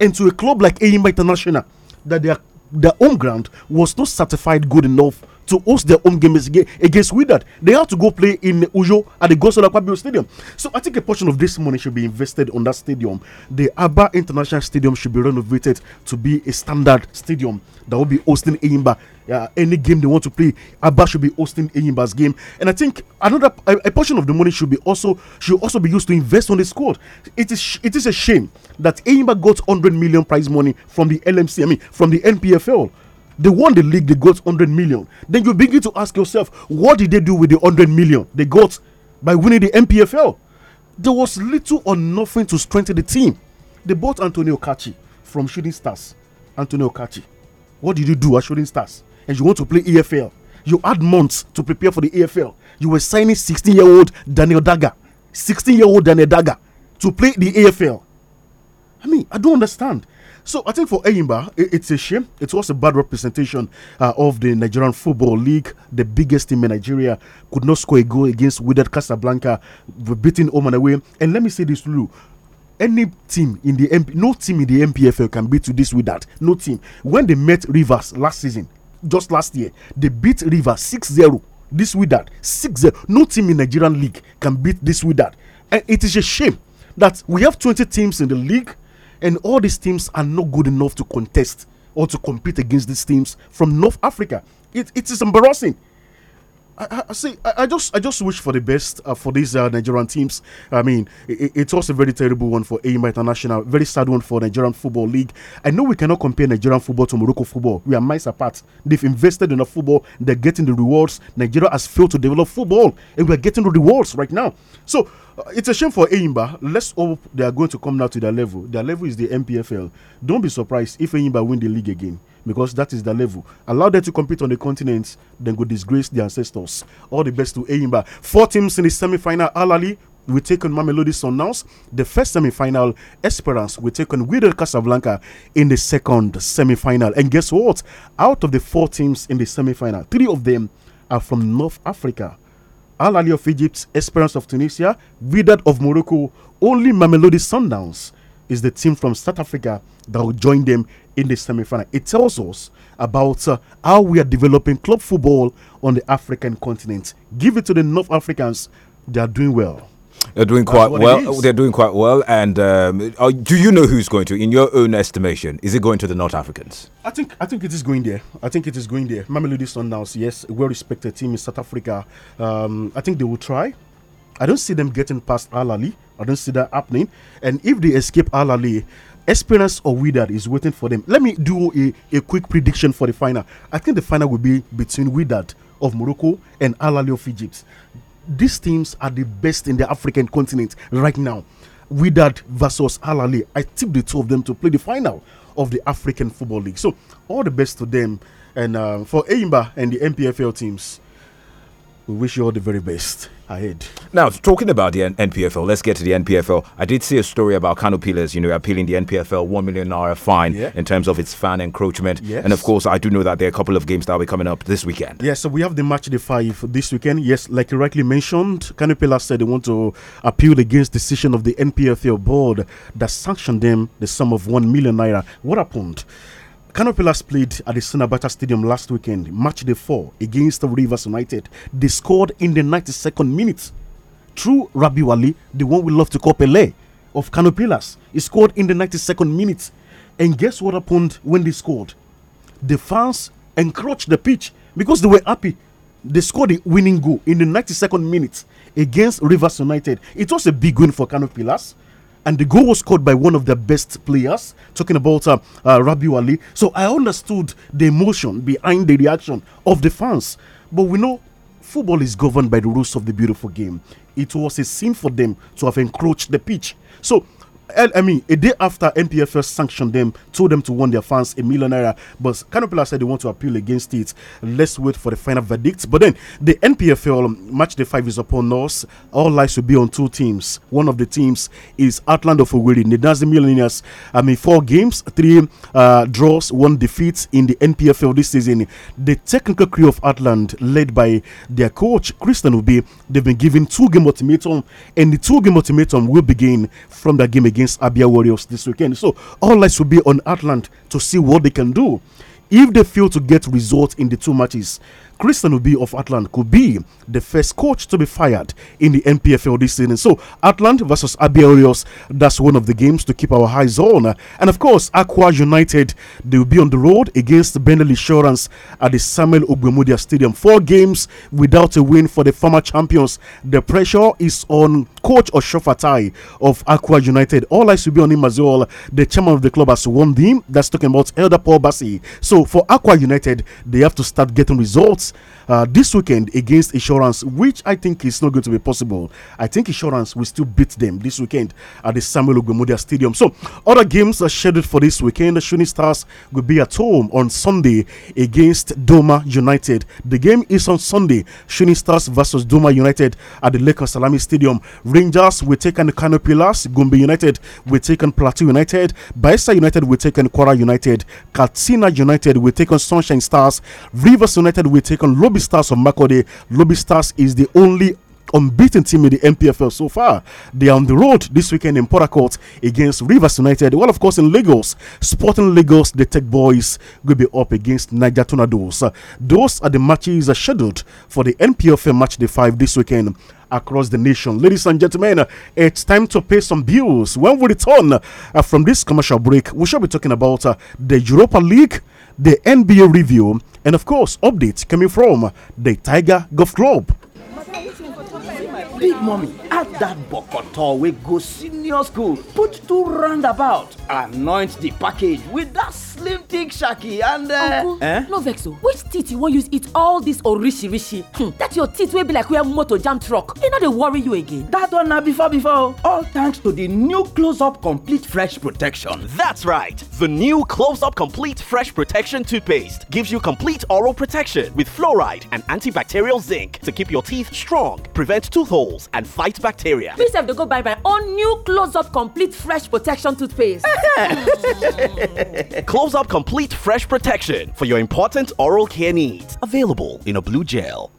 and to a club like AIMA International that their their home ground was not certified good enough to host their home game against Wydad. They have to go play in Ujo at the Gosola Kwabio Stadium. So I think a portion of this money should be invested on that stadium. The Abba International Stadium should be renovated to be a standard stadium that will be hosting Eimba. Yeah, any game they want to play, Abba should be hosting Eimba's game. And I think another a, a, portion of the money should be also should also be used to invest on the squad. It is it is a shame that Eimba got 100 million prize money from the LMC. I mean from the NPFL they won the league, they got 100 million. Then you begin to ask yourself, what did they do with the 100 million they got by winning the MPFL? There was little or nothing to strengthen the team. They bought Antonio Kachi from Shooting Stars. Antonio Kachi, what did you do at Shooting Stars? And you want to play EFL? You had months to prepare for the EFL. You were signing 16 year old Daniel Daga, 16 year old Daniel Daga to play the AFL. I mean, I don't understand. So I think for Eyimba, it's a shame. It was a bad representation uh, of the Nigerian Football League. The biggest team in Nigeria could not score a goal against Wydad Casablanca, beating home and away. And let me say this, Lulu any team in the MP, no team in the MPFL can beat to this with that. No team. When they met Rivers last season, just last year, they beat Rivers 6 0. This with that. 6 0. No team in Nigerian League can beat this with that. And it is a shame that we have 20 teams in the league and all these teams are not good enough to contest or to compete against these teams from North Africa. It, it is embarrassing. I, I, see. I, I, just, I just wish for the best uh, for these uh, Nigerian teams. I mean, it, it, was a very terrible one for AIMA International, very sad one for Nigerian Football League. I know we cannot compare Nigerian football to Morocco football. We are miles apart. They've invested in the football. They're getting the rewards. Nigeria has failed to develop football, and we are getting the rewards right now. So uh, it's a shame for Eimba. Let's hope they are going to come now to their level. Their level is the MPFL. Don't be surprised if Eimba win the league again because that is their level. Allow them to compete on the continent, then go disgrace their ancestors. All the best to Eyimba. Four teams in the semi final Alali we take on Mamelodi Sundowns. The first semi-final, Esperance we take on Wydad Casablanca in the second semi-final. And guess what? Out of the four teams in the semi-final, three of them are from North Africa. Al Ali of Egypt, Esperance of Tunisia, Wydad of Morocco. Only Mamelodi Sundowns is the team from South Africa that will join them in the semi-final. It tells us about uh, how we are developing club football on the African continent. Give it to the North Africans; they are doing well. They're doing quite well. They're doing quite well. And um, are, do you know who's going to, in your own estimation, is it going to the North Africans? I think I think it is going there. I think it is going there. Mamelodi Sundowns, yes, well-respected team in South Africa. Um, I think they will try. I don't see them getting past Al I don't see that happening. And if they escape Al experience of Widad is waiting for them. Let me do a, a quick prediction for the final. I think the final will be between Widad of Morocco and Al of Egypt. These teams are the best in the African continent right now. Widad versus Al I tip the two of them to play the final of the African Football League. So all the best to them and uh, for Aimba and the MPFL teams. We wish you all the very best ahead. Now, talking about the N- NPFL, let's get to the NPFL. I did see a story about Kano Pillars, you know, appealing the NPFL 1 million naira fine yeah. in terms of its fan encroachment. Yes. And of course, I do know that there are a couple of games that will be coming up this weekend. Yes, yeah, so we have the match the 5 this weekend. Yes, like you rightly mentioned, Kano Pillars said they want to appeal against decision of the NPFL board that sanctioned them the sum of 1 million naira. What happened? Canopilas played at the Sunabata Stadium last weekend, match day four, against Rivers United. They scored in the 92nd minute through Rabi Wali, the one we love to call Pele of Canopilas. He scored in the 92nd minute. And guess what happened when they scored? The fans encroached the pitch because they were happy. They scored the winning goal in the 92nd minute against Rivers United. It was a big win for Canopilas and the goal was scored by one of their best players, talking about uh, uh, So I understood the emotion behind the reaction of the fans. But we know football is governed by the rules of the beautiful game. It was a sin for them to have encroached the pitch. So I mean, a day after first sanctioned them, told them to warn their fans a million naira, but Canopilla said they want to appeal against it. Let's wait for the final verdict. But then the NPFL um, match the five is upon us. All eyes will be on two teams. One of the teams is Outland of The Nazi Millionaires. I mean, four games, three uh, draws, one defeat in the NPFL this season. The technical crew of Outland, led by their coach Christian Ubi, they've been given two game ultimatum, and the two game ultimatum will begin from that game again against Abia Warriors this weekend. So all eyes will be on Atlant to see what they can do. If they fail to get results in the two matches, Christian Ubi of Atlant could be the first coach to be fired in the NPFL this season. So, Atlant versus Abelrios, that's one of the games to keep our eyes on. And of course, Aqua United, they will be on the road against Bendel Insurance at the Samuel Ogbemudia Stadium. Four games without a win for the former champions. The pressure is on coach Oshofatai of Aqua United. All eyes will be on him as well. The chairman of the club has warned him. That's talking about Elder Paul Bassi. So, for Aqua United, they have to start getting results uh, this weekend against Insurance, which I think is not going to be possible. I think Insurance will still beat them this weekend at the Samuel Ogbemudia Stadium. So, other games are scheduled for this weekend. The Stars will be at home on Sunday against Doma United. The game is on Sunday. Shooting Stars versus Doma United at the Lake Salami Stadium. Rangers will take on Kano Gumbi United will take on Plateau United. Baisa United will take on Quara United. Katina United will take on Sunshine Stars. Rivers United will take take on Lobby Stars of Makode. Lobby Stars is the only unbeaten team in the MPFL so far. They are on the road this weekend in Port against Rivers United. Well, of course, in Lagos, Sporting Lagos, the Tech Boys will be up against Niger Tornadoes. Uh, those are the matches uh, scheduled for the MPFL match day five this weekend across the nation. Ladies and gentlemen, it's time to pay some bills. When we return uh, from this commercial break, we shall be talking about uh, the Europa League the NBA review, and of course, updates coming from the Tiger Golf Club big mommy add that bokoto wey go senior school put two roundabout anoint the package with that slim thick shaki and uh, uncle eh? no vex o which teeth you wan use eat all this orishirishi hmm That your teeth wey be like where motor jam truck e no dey worry you again dat one na before before all thanks to di new close up complete fresh protection that's right the new close up complete fresh protection toothpaste gives you complete oral protection with fluoride and antibacterial zinc to keep your teeth strong prevent tooth hole and fight bacteria. Please have to go buy my own new Close Up Complete Fresh Protection toothpaste. Close Up Complete Fresh Protection for your important oral care needs. Available in a blue gel.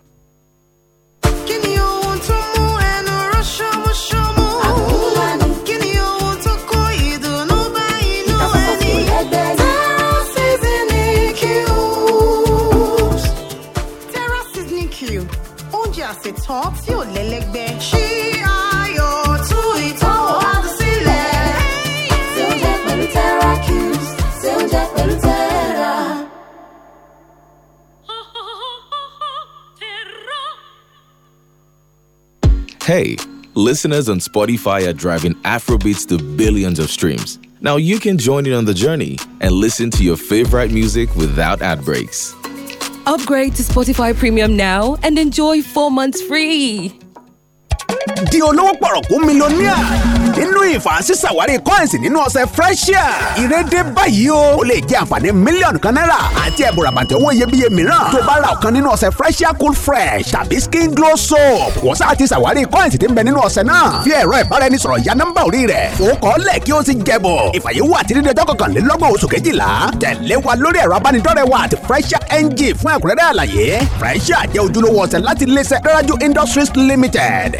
tán tí ò lẹ́lẹ́gbẹ́. ṣí ayọ̀ tú sílẹ̀. ṣé pẹ̀lú ṣé pẹ̀lú tẹ́ra? Hey, listeners on Spotify are driving Afrobeats to billions of streams. Now you can join in on the journey and listen to your favorite music without ad breaks. Upgrade to Spotify Premium now and enjoy four months free. di olówó pọ̀rọ̀kú mílíọ̀nìà nínú ìfàṣìṣàwárí coins nínú ọ̀sẹ̀ freshia ìrédé báyìí o ó lè jẹ́ àǹfààní mílíọ̀nù kan náírà àti ẹ̀bùrà bàtẹ̀ owó iyebíye mìíràn tó bá ra ọ̀kan nínú ọ̀sẹ̀ freshia cool fresh tàbí skin glow soap wọ́n sá ti ṣàwárí coins tí ń bẹ nínú ọ̀sẹ̀ náà fi ẹ̀rọ ìbáraẹnisọ̀rọ̀ ya nọ́mbà orí rẹ̀ ó kọ́ lẹ̀ kí ó ti jẹ̀bọ̀ ìfàyẹ̀wò àti dídé ọjọ́ kọkànlélọ́gbọ̀n oṣù kejìlá tẹ̀lé wa lórí ẹ̀rọ abánidọ́rẹ̀ wa àti freshia ng fún ẹ̀kúnrẹ́rẹ́ àlàyé freshia jẹ́ ojúlówó ọ̀sẹ̀ láti Industries Limited.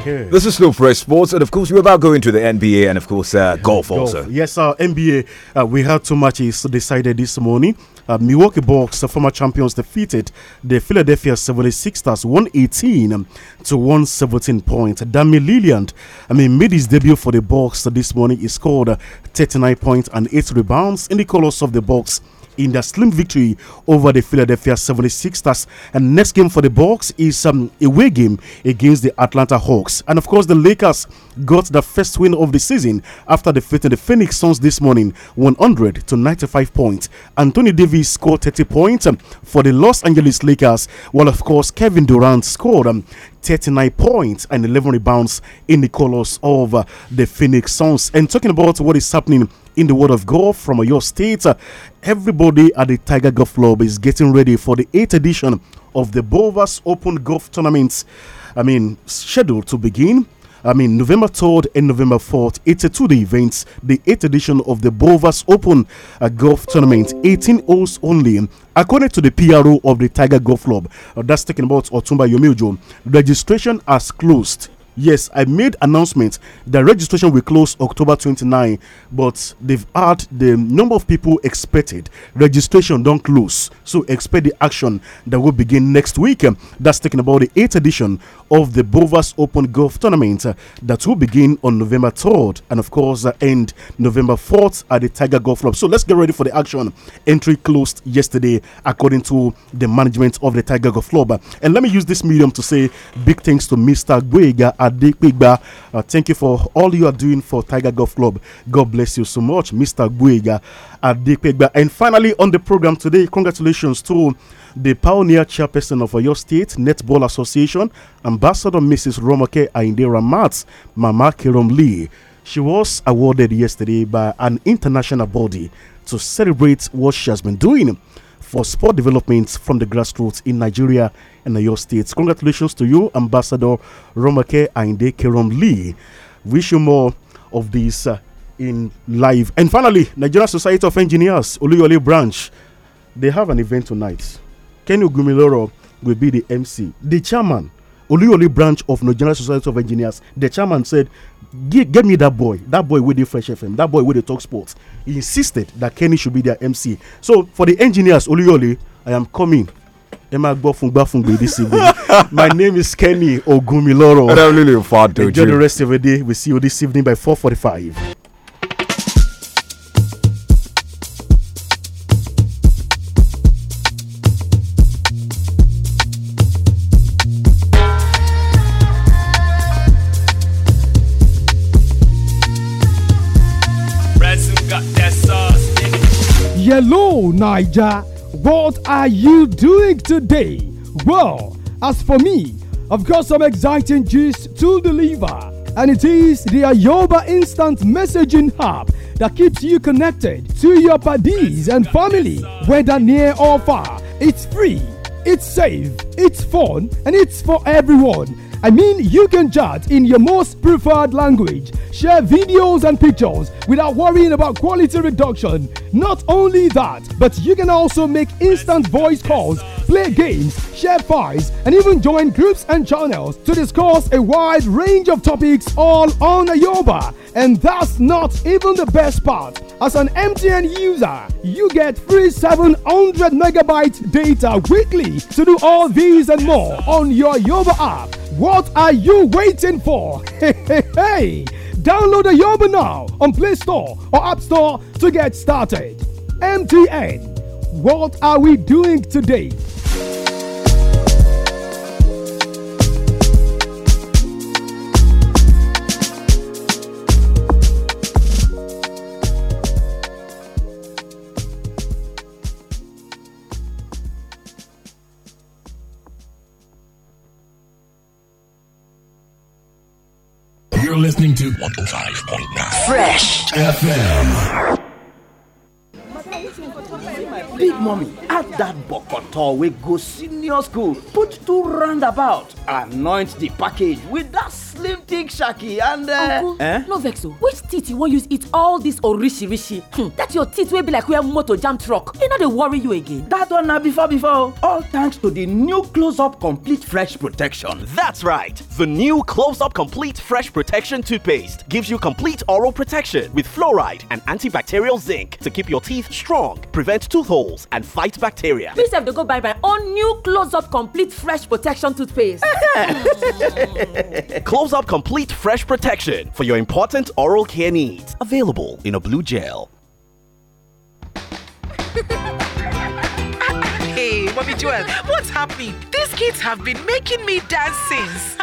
Okay. This is Slow Fresh Sports, and of course, we're about going to the NBA and, of course, uh, golf, golf, also. Yes, uh, NBA, uh, we had two matches decided this morning. Uh, Milwaukee Bucks, uh, former champions, defeated the Philadelphia 76ers 118 to 117 points. Dami Lilliant, I mean, made his debut for the Bucks this morning. He scored 39 points and 8 rebounds in the colors of the Bucks in their slim victory over the Philadelphia 76ers. And next game for the Bucks is um, away game against the Atlanta Hawks. And of course, the Lakers got the first win of the season after defeating the Phoenix Suns this morning, 100 to 95 points. Anthony Davis scored 30 points um, for the Los Angeles Lakers, while of course Kevin Durant scored um, 39 points and 11 rebounds in the colors of uh, the Phoenix Suns. And talking about what is happening in the world of golf from your state, uh, everybody at the Tiger Golf Club is getting ready for the 8th edition of the Bovas Open Golf Tournament. I mean, scheduled to begin I mean, November 3rd and November 4th, it's a two day event, the 8th edition of the Bovas Open uh, Golf Tournament, 18 holes only. According to the PRO of the Tiger Golf Club, uh, that's talking about Otumba Yomijo, registration has closed. Yes, I made announcement that registration will close October 29, but they've had the number of people expected. Registration don't close, so expect the action that will begin next week. That's taking about the 8th edition of the Bovas Open Golf Tournament uh, that will begin on November 3rd and, of course, uh, end November 4th at the Tiger Golf Club. So let's get ready for the action. Entry closed yesterday, according to the management of the Tiger Golf Club. Uh, and let me use this medium to say big thanks to Mr. Guega Adekwigba. Uh, thank you for all you are doing for Tiger Golf Club. God bless you so much, Mr. Guega Adekwigba. And finally, on the program today, congratulations to the pioneer chairperson of Oyo State Netball Association, Ambassador Mrs. Romake Ainde Ramat, Mama Kerom Lee. She was awarded yesterday by an international body to celebrate what she has been doing for sport development from the grassroots in Nigeria and your states. Congratulations to you, Ambassador Romake Ainde Kerom Lee. Wish you more of this uh, in life. And finally, Nigeria Society of Engineers, Oluyole Branch, they have an event tonight. Kenny Ogumiloro will be the MC. The chairman, Oluyole branch of Nigerian Society of Engineers, the chairman said, Get me that boy, that boy with the Fresh FM, that boy with the Talk Sports. He insisted that Kenny should be their MC. So for the engineers, Oluyole, I am coming. ẹ máa gbọ́ this evening my name is Kenny Ogumiloro. enjoy the rest of the day we see you this evening by four forty-five. Niger. What are you doing today? Well, as for me, I've got some exciting news to deliver, and it is the Ayoba Instant Messaging Hub that keeps you connected to your buddies and family, whether near or far. It's free, it's safe, it's fun, and it's for everyone. I mean, you can chat in your most preferred language, share videos and pictures without worrying about quality reduction. Not only that, but you can also make instant voice calls, play games, share files, and even join groups and channels to discuss a wide range of topics all on Ayoba. And that's not even the best part. As an MTN user, you get free 700 megabytes data weekly to do all these and more on your Yoba app. What are you waiting for? Hey, hey, hey! Download the Yoba now on Play Store or App Store to get started. MTN, what are we doing today? 105.9 Fresh FM. Mommy, add that bokoto we go senior school, put two roundabout, anoint the package with that slim thick shaki and. Uh, Uncle, eh? no vexo. Oh. Which teeth you want use eat all this rishi Hmm. That your teeth will be like where motor jam truck, you no they worry you again. That one now before before. Oh. All thanks to the new Close Up Complete Fresh Protection. That's right. The new Close Up Complete Fresh Protection toothpaste gives you complete oral protection with fluoride and antibacterial zinc to keep your teeth strong, prevent tooth holes and fight bacteria. Please have to go buy my own new Close Up Complete Fresh Protection toothpaste. Close Up Complete Fresh Protection for your important oral care needs. Available in a blue gel. Mommy Joel, what's happening? These kids have been making me dance since.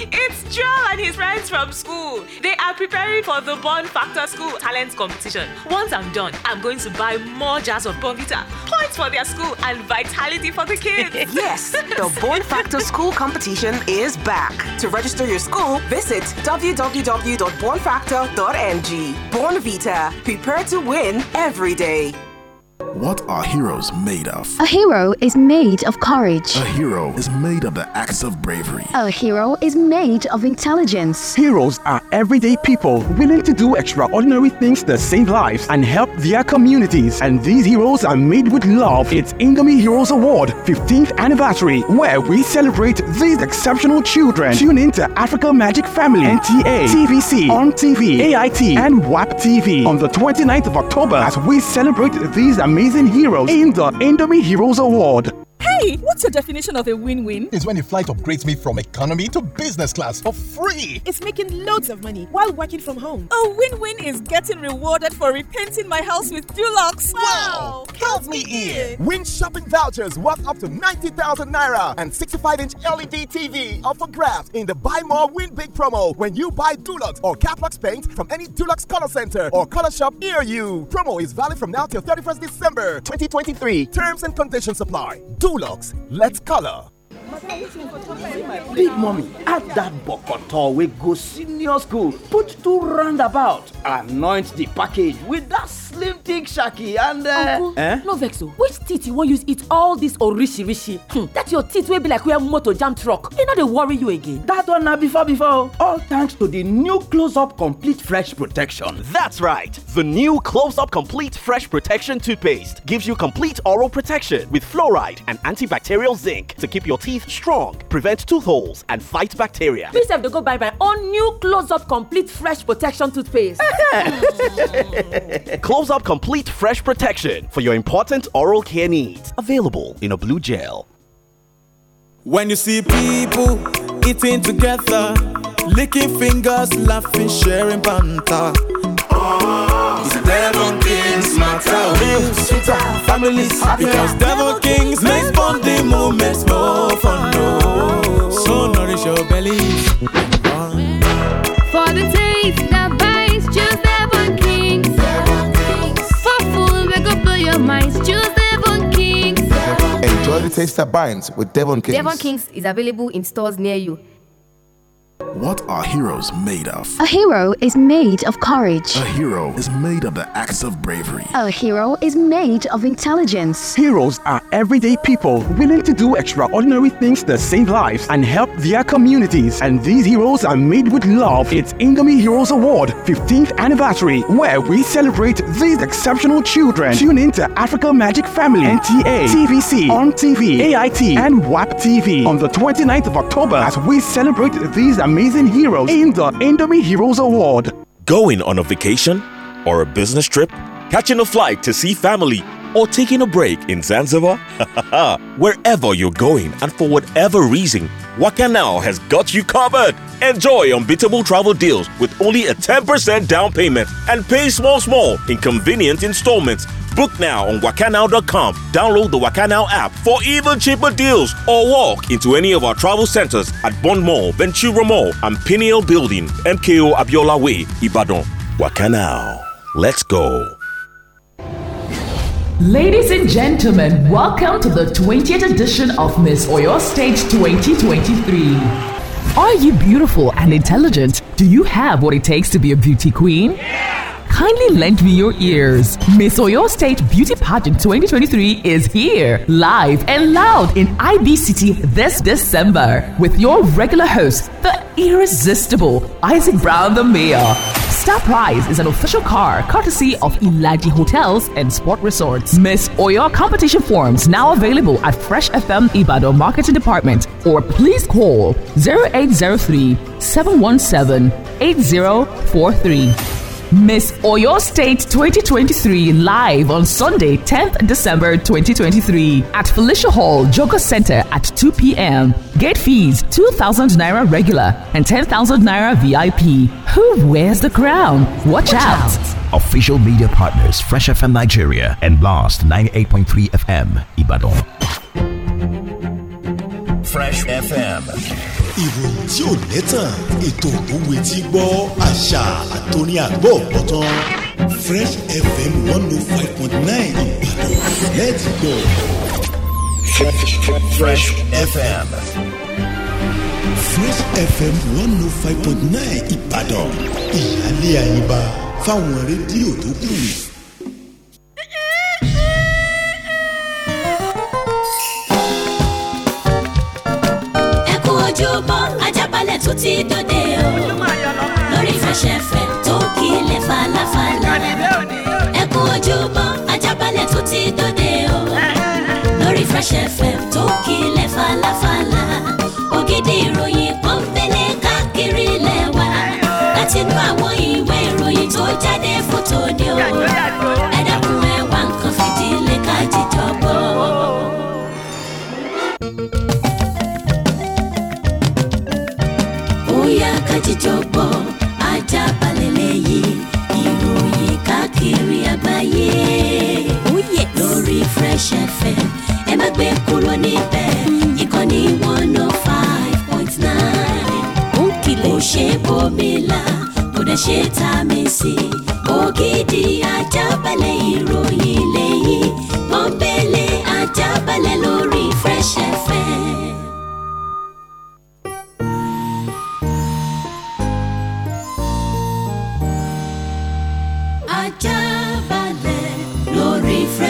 it's Joel and his friends from school. They are preparing for the Bond Factor School Talent Competition. Once I'm done, I'm going to buy more jars of Bonvita, points for their school, and vitality for the kids. yes, the Bond Factor School Competition is back. To register your school, visit www.bornfactor.ng. Born Vita, prepare to win every day. What are heroes made of? A hero is made of courage. A hero is made of the acts of bravery. A hero is made of intelligence. Heroes are everyday people willing to do extraordinary things that save lives and help their communities. And these heroes are made with love. It's Ingami Heroes Award 15th anniversary, where we celebrate these exceptional children. Tune in to Africa Magic Family, NTA, TVC, On TV, AIT, and WAP TV on the 29th of October as we celebrate these amazing Amazing Heroes in the Indomie Heroes Award. Hey, what's your definition of a win-win? Is when a flight upgrades me from economy to business class for free. It's making loads of money while working from home. A win-win is getting rewarded for repainting my house with Dulux. Wow! wow. Count me in. Win shopping vouchers worth up to 90,000 naira and 65-inch LED TV up for grabs in the Buy More Win Big promo when you buy Dulux or Caplux paint from any Dulux color center or color shop near you. Promo is valid from now till 31st December 2023. Terms and conditions apply. Dulux Dulux, let's color big mommy add that bokoto we go senior school put two roundabout anoint the package with that slim thick shaki and uh, uncle eh? no vexo. which teeth you want? use eat all dis rishi? hmm That your teeth will be like where motor jam truck You know they worry you again That one na before before all thanks to the new close up complete fresh protection that's right the new close up complete fresh protection toothpaste gives you complete oral protection with fluoride and antibacterial zinc to keep your teeth strong, prevent tooth holes, and fight bacteria. Please have to go buy my own new Close Up Complete Fresh Protection toothpaste. Close Up Complete Fresh Protection for your important oral care needs. Available in a blue gel. When you see people eating together, licking fingers, laughing, sharing banter. Cause devil kings matter Real sweeter families Because devil kings make bonding moments more fun no. So nourish your belly For the taste that bites Choose devil kings For full wake up blow your minds Choose devil kings Enjoy the taste that binds with Devon Kings. Devon Kings is available in stores near you. What are heroes made of? A hero is made of courage. A hero is made of the acts of bravery. A hero is made of intelligence. Heroes are everyday people willing to do extraordinary things that save lives and help their communities. And these heroes are made with love. It's Ingami Heroes Award 15th anniversary, where we celebrate these exceptional children. Tune in to Africa Magic Family, NTA, TVC, On TV, AIT, and WAP TV on the 29th of October as we celebrate these amazing amazing heroes in the Indomie Heroes Award. Going on a vacation or a business trip, catching a flight to see family, or taking a break in Zanzibar? Wherever you're going and for whatever reason, Waka Now has got you covered. Enjoy unbeatable travel deals with only a 10% down payment and pay small, small in convenient installments Book now on wakanow.com. Download the Wakanow app for even cheaper deals or walk into any of our travel centers at Bond Mall, Ventura Mall, and Pineal Building, MKO Abiola Way, Ibadan. Wakanow. Let's go. Ladies and gentlemen, welcome to the 20th edition of Miss Oyo State 2023. Are you beautiful and intelligent? Do you have what it takes to be a beauty queen? Yeah! kindly lend me your ears. Miss Oyo State Beauty Pageant 2023 is here, live and loud in IB City this December with your regular host, the irresistible Isaac Brown, the mayor. Star Prize is an official car courtesy of Ilagi Hotels and Sport Resorts. Miss Oyo competition forms now available at Fresh FM Ibado Marketing Department or please call 0803 717 8043. Miss Oyo State 2023 live on Sunday, 10th December 2023 at Felicia Hall, Joker Center at 2 p.m. Gate fees 2,000 naira regular and 10,000 naira VIP. Who wears the crown? Watch, Watch out. out. Official media partners Fresh FM Nigeria and Blast 98.3 FM Ibadan. Fresh FM ìròyìn tí ò lẹ́tàn ètò òwe tí gbọ́ àṣà àtòní àgbọ̀ ọ̀tán Fresh FM one oh five point nine Ìbàdàn let's go. Fresh, fresh, fresh FM. Fresh FM one oh five point nine Ìbàdàn ìyáálé àyíbá fáwọn rédíò tó kù. ojúbọ ajábalẹ̀ tó ti dòde o lórí fẹsẹ̀fẹ̀ tó kílẹ̀ falafala ẹ kú ojúbọ ajábalẹ̀ tó ti dòde o lórí fẹsẹ̀fẹ̀ tó kílẹ̀ falafala ògidì ìròyìn kan fẹlẹ̀ káàkiri lẹ́wà látinú àwọn ìwé ìròyìn tó jáde fótó ni o. kájíjọ́bọ̀ Ajaabale lẹ́yìn ìròyìn káàkiri àgbáyé. Ó oh yẹ lórí Fresh FM ẹ má gbé kúrò níbẹ̀ ìkànnì one oh five point nine. Ó kìlẹ̀ ó ṣe bòmílà kò dẹ̀ ṣe tá a mi sí. Ògidì Ajaabale ìròyìn lẹ́yìn pọ́npẹ́lẹ́ Ajaabale lórí Fresh FM.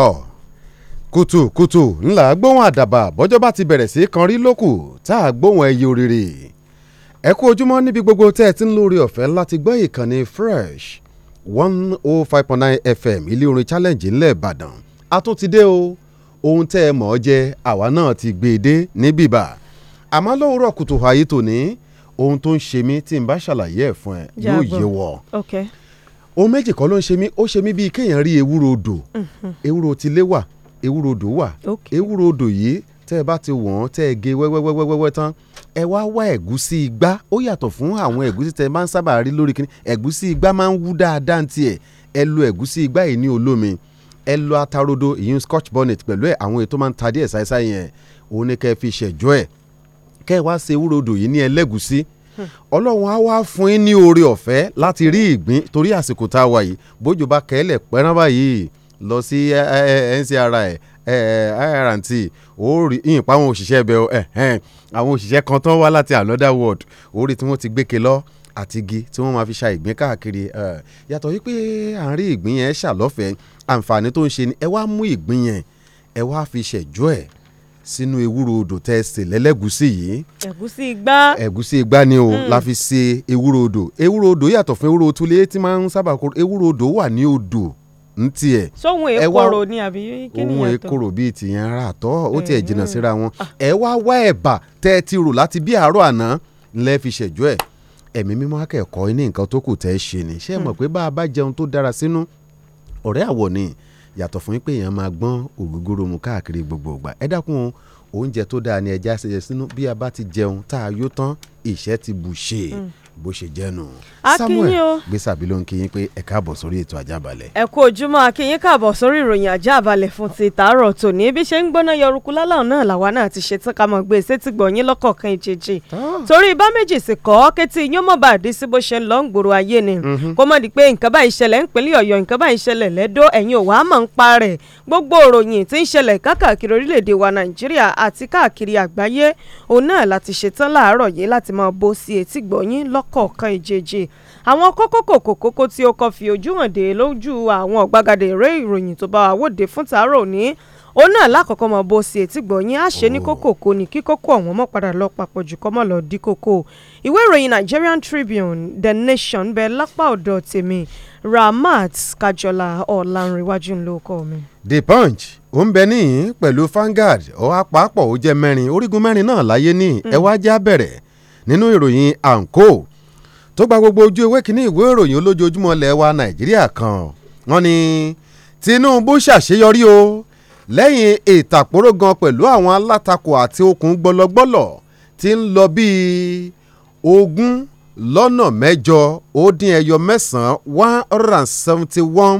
tọ̀ kùtùkùtù ńlá gbóhùn àdàbà bọ́jọ́ bá ti bẹ̀rẹ̀ sí kan rí lókù tá a gbóhùn ẹyẹ òrìrì ẹ kú ojúmọ́ níbi gbogbo tẹ́ ẹ ti ń lórí ọ̀fẹ́ láti gbọ́ ìkànnì fresh one oh five point nine fm ilé orin challenge ńlẹ̀ ìbàdàn a tún ti dé o ohun tẹ́ ẹ mọ̀ ọ́ jẹ́ àwa náà ti gbé e dé ní bíbà àmọ́ lówùrọ̀ kùtù àyè tòní ohun tó ń ṣe mí tí n bá ṣàlàyé ẹ̀ fún ẹ yóò yé wọ. okay ohun méjì kọ́ ló ń ṣe mí ó ṣe mí bíi kéèyàn rí ewúro odò mhm. ewúro ti lé wà ewúro odò wà ewúro odò yìí tẹ́ ẹ bá ti wọ̀n tẹ́ ẹ gé wẹ́wẹ́wẹ́wẹ́wẹ́ tán ẹ wá wá ẹ̀gúsí igbá ó yàtọ̀ fún àwọn ẹ̀gúsí tẹ́ ẹ máa ń sábà rí lórí kínní ẹ̀gúsí igbá máa ń wú dáadáa tiẹ̀ ẹ lo ẹ̀gúsí igbá yìí ní olómi ẹ lo atarodo ìyún scotch bonnet pẹ̀lú ẹ̀ àwọn ètò máa ń ta díẹ̀ ṣáíṣáí yẹn òun ni kẹ́ ẹ fi ṣẹ̀jọ́ ẹ̀ kẹ́ ẹ wá ṣe ewúro odò yìí ní ẹlẹ́gúsí ọlọ́run á wá fún yín ní oore ọ̀fẹ́ láti rí ìgbín torí àsìkò tá a wà yìí bójú bá kẹ́lẹ̀ pẹ́rán báyìí lọ sí NCRI IRT ó rí ìyìnpá àwọn òṣìṣẹ́ ẹbẹ̀ àwọn òṣìṣẹ́ kan tó wá láti another world orí tí wọ́n ti gbé ke lọ àti igi tí wọ́n máa fi ṣa ìgbín káàkiri yàtọ̀ wípé à ń rí ìgbín yẹn ṣàlọ́fẹ̀ẹ́ àǹfààní tó ń ṣe ni ẹ wá mú ìgbín yẹn ẹ wá fi ṣẹ̀jọ́ ẹ̀ sínú ewúro odò tẹ́ ẹ sè lẹ́lẹ́gúsí yìí. ẹ̀gúsí igbá. ẹ̀gúsí igbá ni o mm. la fi ṣe ewúro odò ewúro odò yàtọ̀ fún ewúro tulé tí máa ń sábà kóró ewúro odò wà ní odò ń tiẹ̀. sóhun èkóró ni àbí kí ni yàtọ̀. ohun èkóró bíi tìyẹn ara àtọ́ ó tiẹ̀ jìnnà hmm. síra wọn. Ah. ẹ wá wá ẹ̀bà tẹ́ ẹ ti rò láti bí àárọ̀ àná lẹ́ fi ṣẹ̀jọ́ ẹ̀ ẹ̀mí mímọ́ akẹ́kọ̀ọ́ ní nǹkan tó kù tẹ́ ṣe ni ṣé ẹ hmm. mọ̀ pé bá a bá jẹun tó dára sínú ọ̀rẹ́ àwọ̀ ni yàtọ̀ fún pé èèyàn máa gbọ́n ògógóró mu káàkiri gbogbo ìgbà ẹ dákun o oúnjẹ tó dáa ni ẹja ṣe jẹ sínú bí a bá ti jẹun tá a yó tán ìṣẹ́ ti bù ṣe bó ṣe jẹ́ nù. Samuel gbèsàbí ló ń kí yín pé ẹ káàbọ̀ sórí ètò àjábalẹ̀. ẹ kú ojúmọ́ akínyín káàbọ̀ sórí ìròyìn àjábalẹ̀ fún ti tàárọ̀ tòní bí ṣe ń gbóná yọrùkú láláwọn náà làwa náà ti ṣe tán ká mọ̀ gbé e sétí gbọ̀nyín lọ́kọ̀ọ̀kan ìjèjì. torí bá méjì sì kọ́ kétí yóò mọ̀ bá àdí sí bó ṣe ń lọ gbòòrò ayé ni. Mhm. kó mọ̀ gbogbo ìròyìn tí ń ṣẹlẹ̀ káàkiri orílẹ̀-èdè wa nàìjíríà àti káàkiri àgbáyé òun náà láti ṣetán láàárọ̀ yìí láti máa bó sí etí gbọ̀nyìn lọ́kọ̀ọ̀kan ìjèjì àwọn kókó kòkókókó tí ó kọ́ fi ojú hàn dé lójú àwọn ọ̀gbagadè eré ìròyìn tó bá wà wòde fún tàárọ̀ òní òun náà lákọ̀ọ́kọ́ mọ̀ bó ṣe ètí gbọ̀nyìn á ṣe ní kókòkò ní kí kókó ọ̀hún mọ̀ padà lọ papọ̀ jù kọ́ lọ dí kókó ìwé ìròyìn Nigerian Tribune The Nation bẹ lápá ọ̀dọ̀ tèmi Ramat Kájọlá Ọ̀làǹrẹ̀wájú ń lo ọkọ mi. The Punch ó ń bẹ níyìn pẹ̀lú Vanguard ọ̀hún àpapọ̀ ó jẹ́ mẹ́rin orígun mẹ́rin náà láyé ní mm. ẹ wá já bẹ̀rẹ̀ nínú ìròyìn àǹkó tó gba gbogbo ojú ewé kínní ìwé ìròyìn olójoojúmọ́ lẹ̀ wa Nàìjíríà kan wọ́n ní Tinubu ṣàṣeyọrí o lẹ́yìn ìtàkùrọ̀ gan pẹ̀lú àwọn alátakò àti okùn gbọlọgbọlọ tí ń lọ bíi ogún lọ́nà mẹ́jọ ó dín ẹyọ mẹ́sàn-án one hundred and seventy one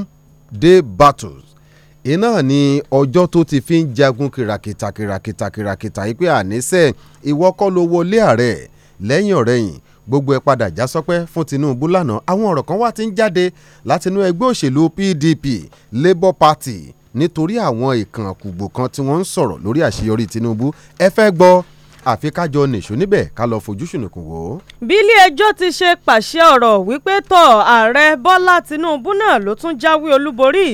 day battles iná ni ọjọ́ tó ti fi ń jagun kìràkìtà kìràkìtà kìràkìtà yìí pé àníṣe ìwọ kọ́ ló wọlé ààrẹ lẹ́yìn ọ̀rẹ́yìn gbogbo ẹ̀ padà já sọpẹ́ fún Tinubu lánàá àwọn ọ̀rọ̀ kan wá ti ń jáde látinú ẹgbẹ́ òṣèlú PDP Labour Party nítorí àwọn ìkànkùgbò kan tí wọ́n ń sọ̀rọ̀ lórí àṣeyọrí Tinubu ẹ fẹ́ gbọ́ àfi kájọ nìṣó níbẹ̀ ká lọ fojú ṣùnùkùn wò ó. bí ti ṣe pàṣẹ ọ̀rọ̀ wípé tọ̀ ààrẹ bọ́lá tinubu náà ló tún jáwé olúborí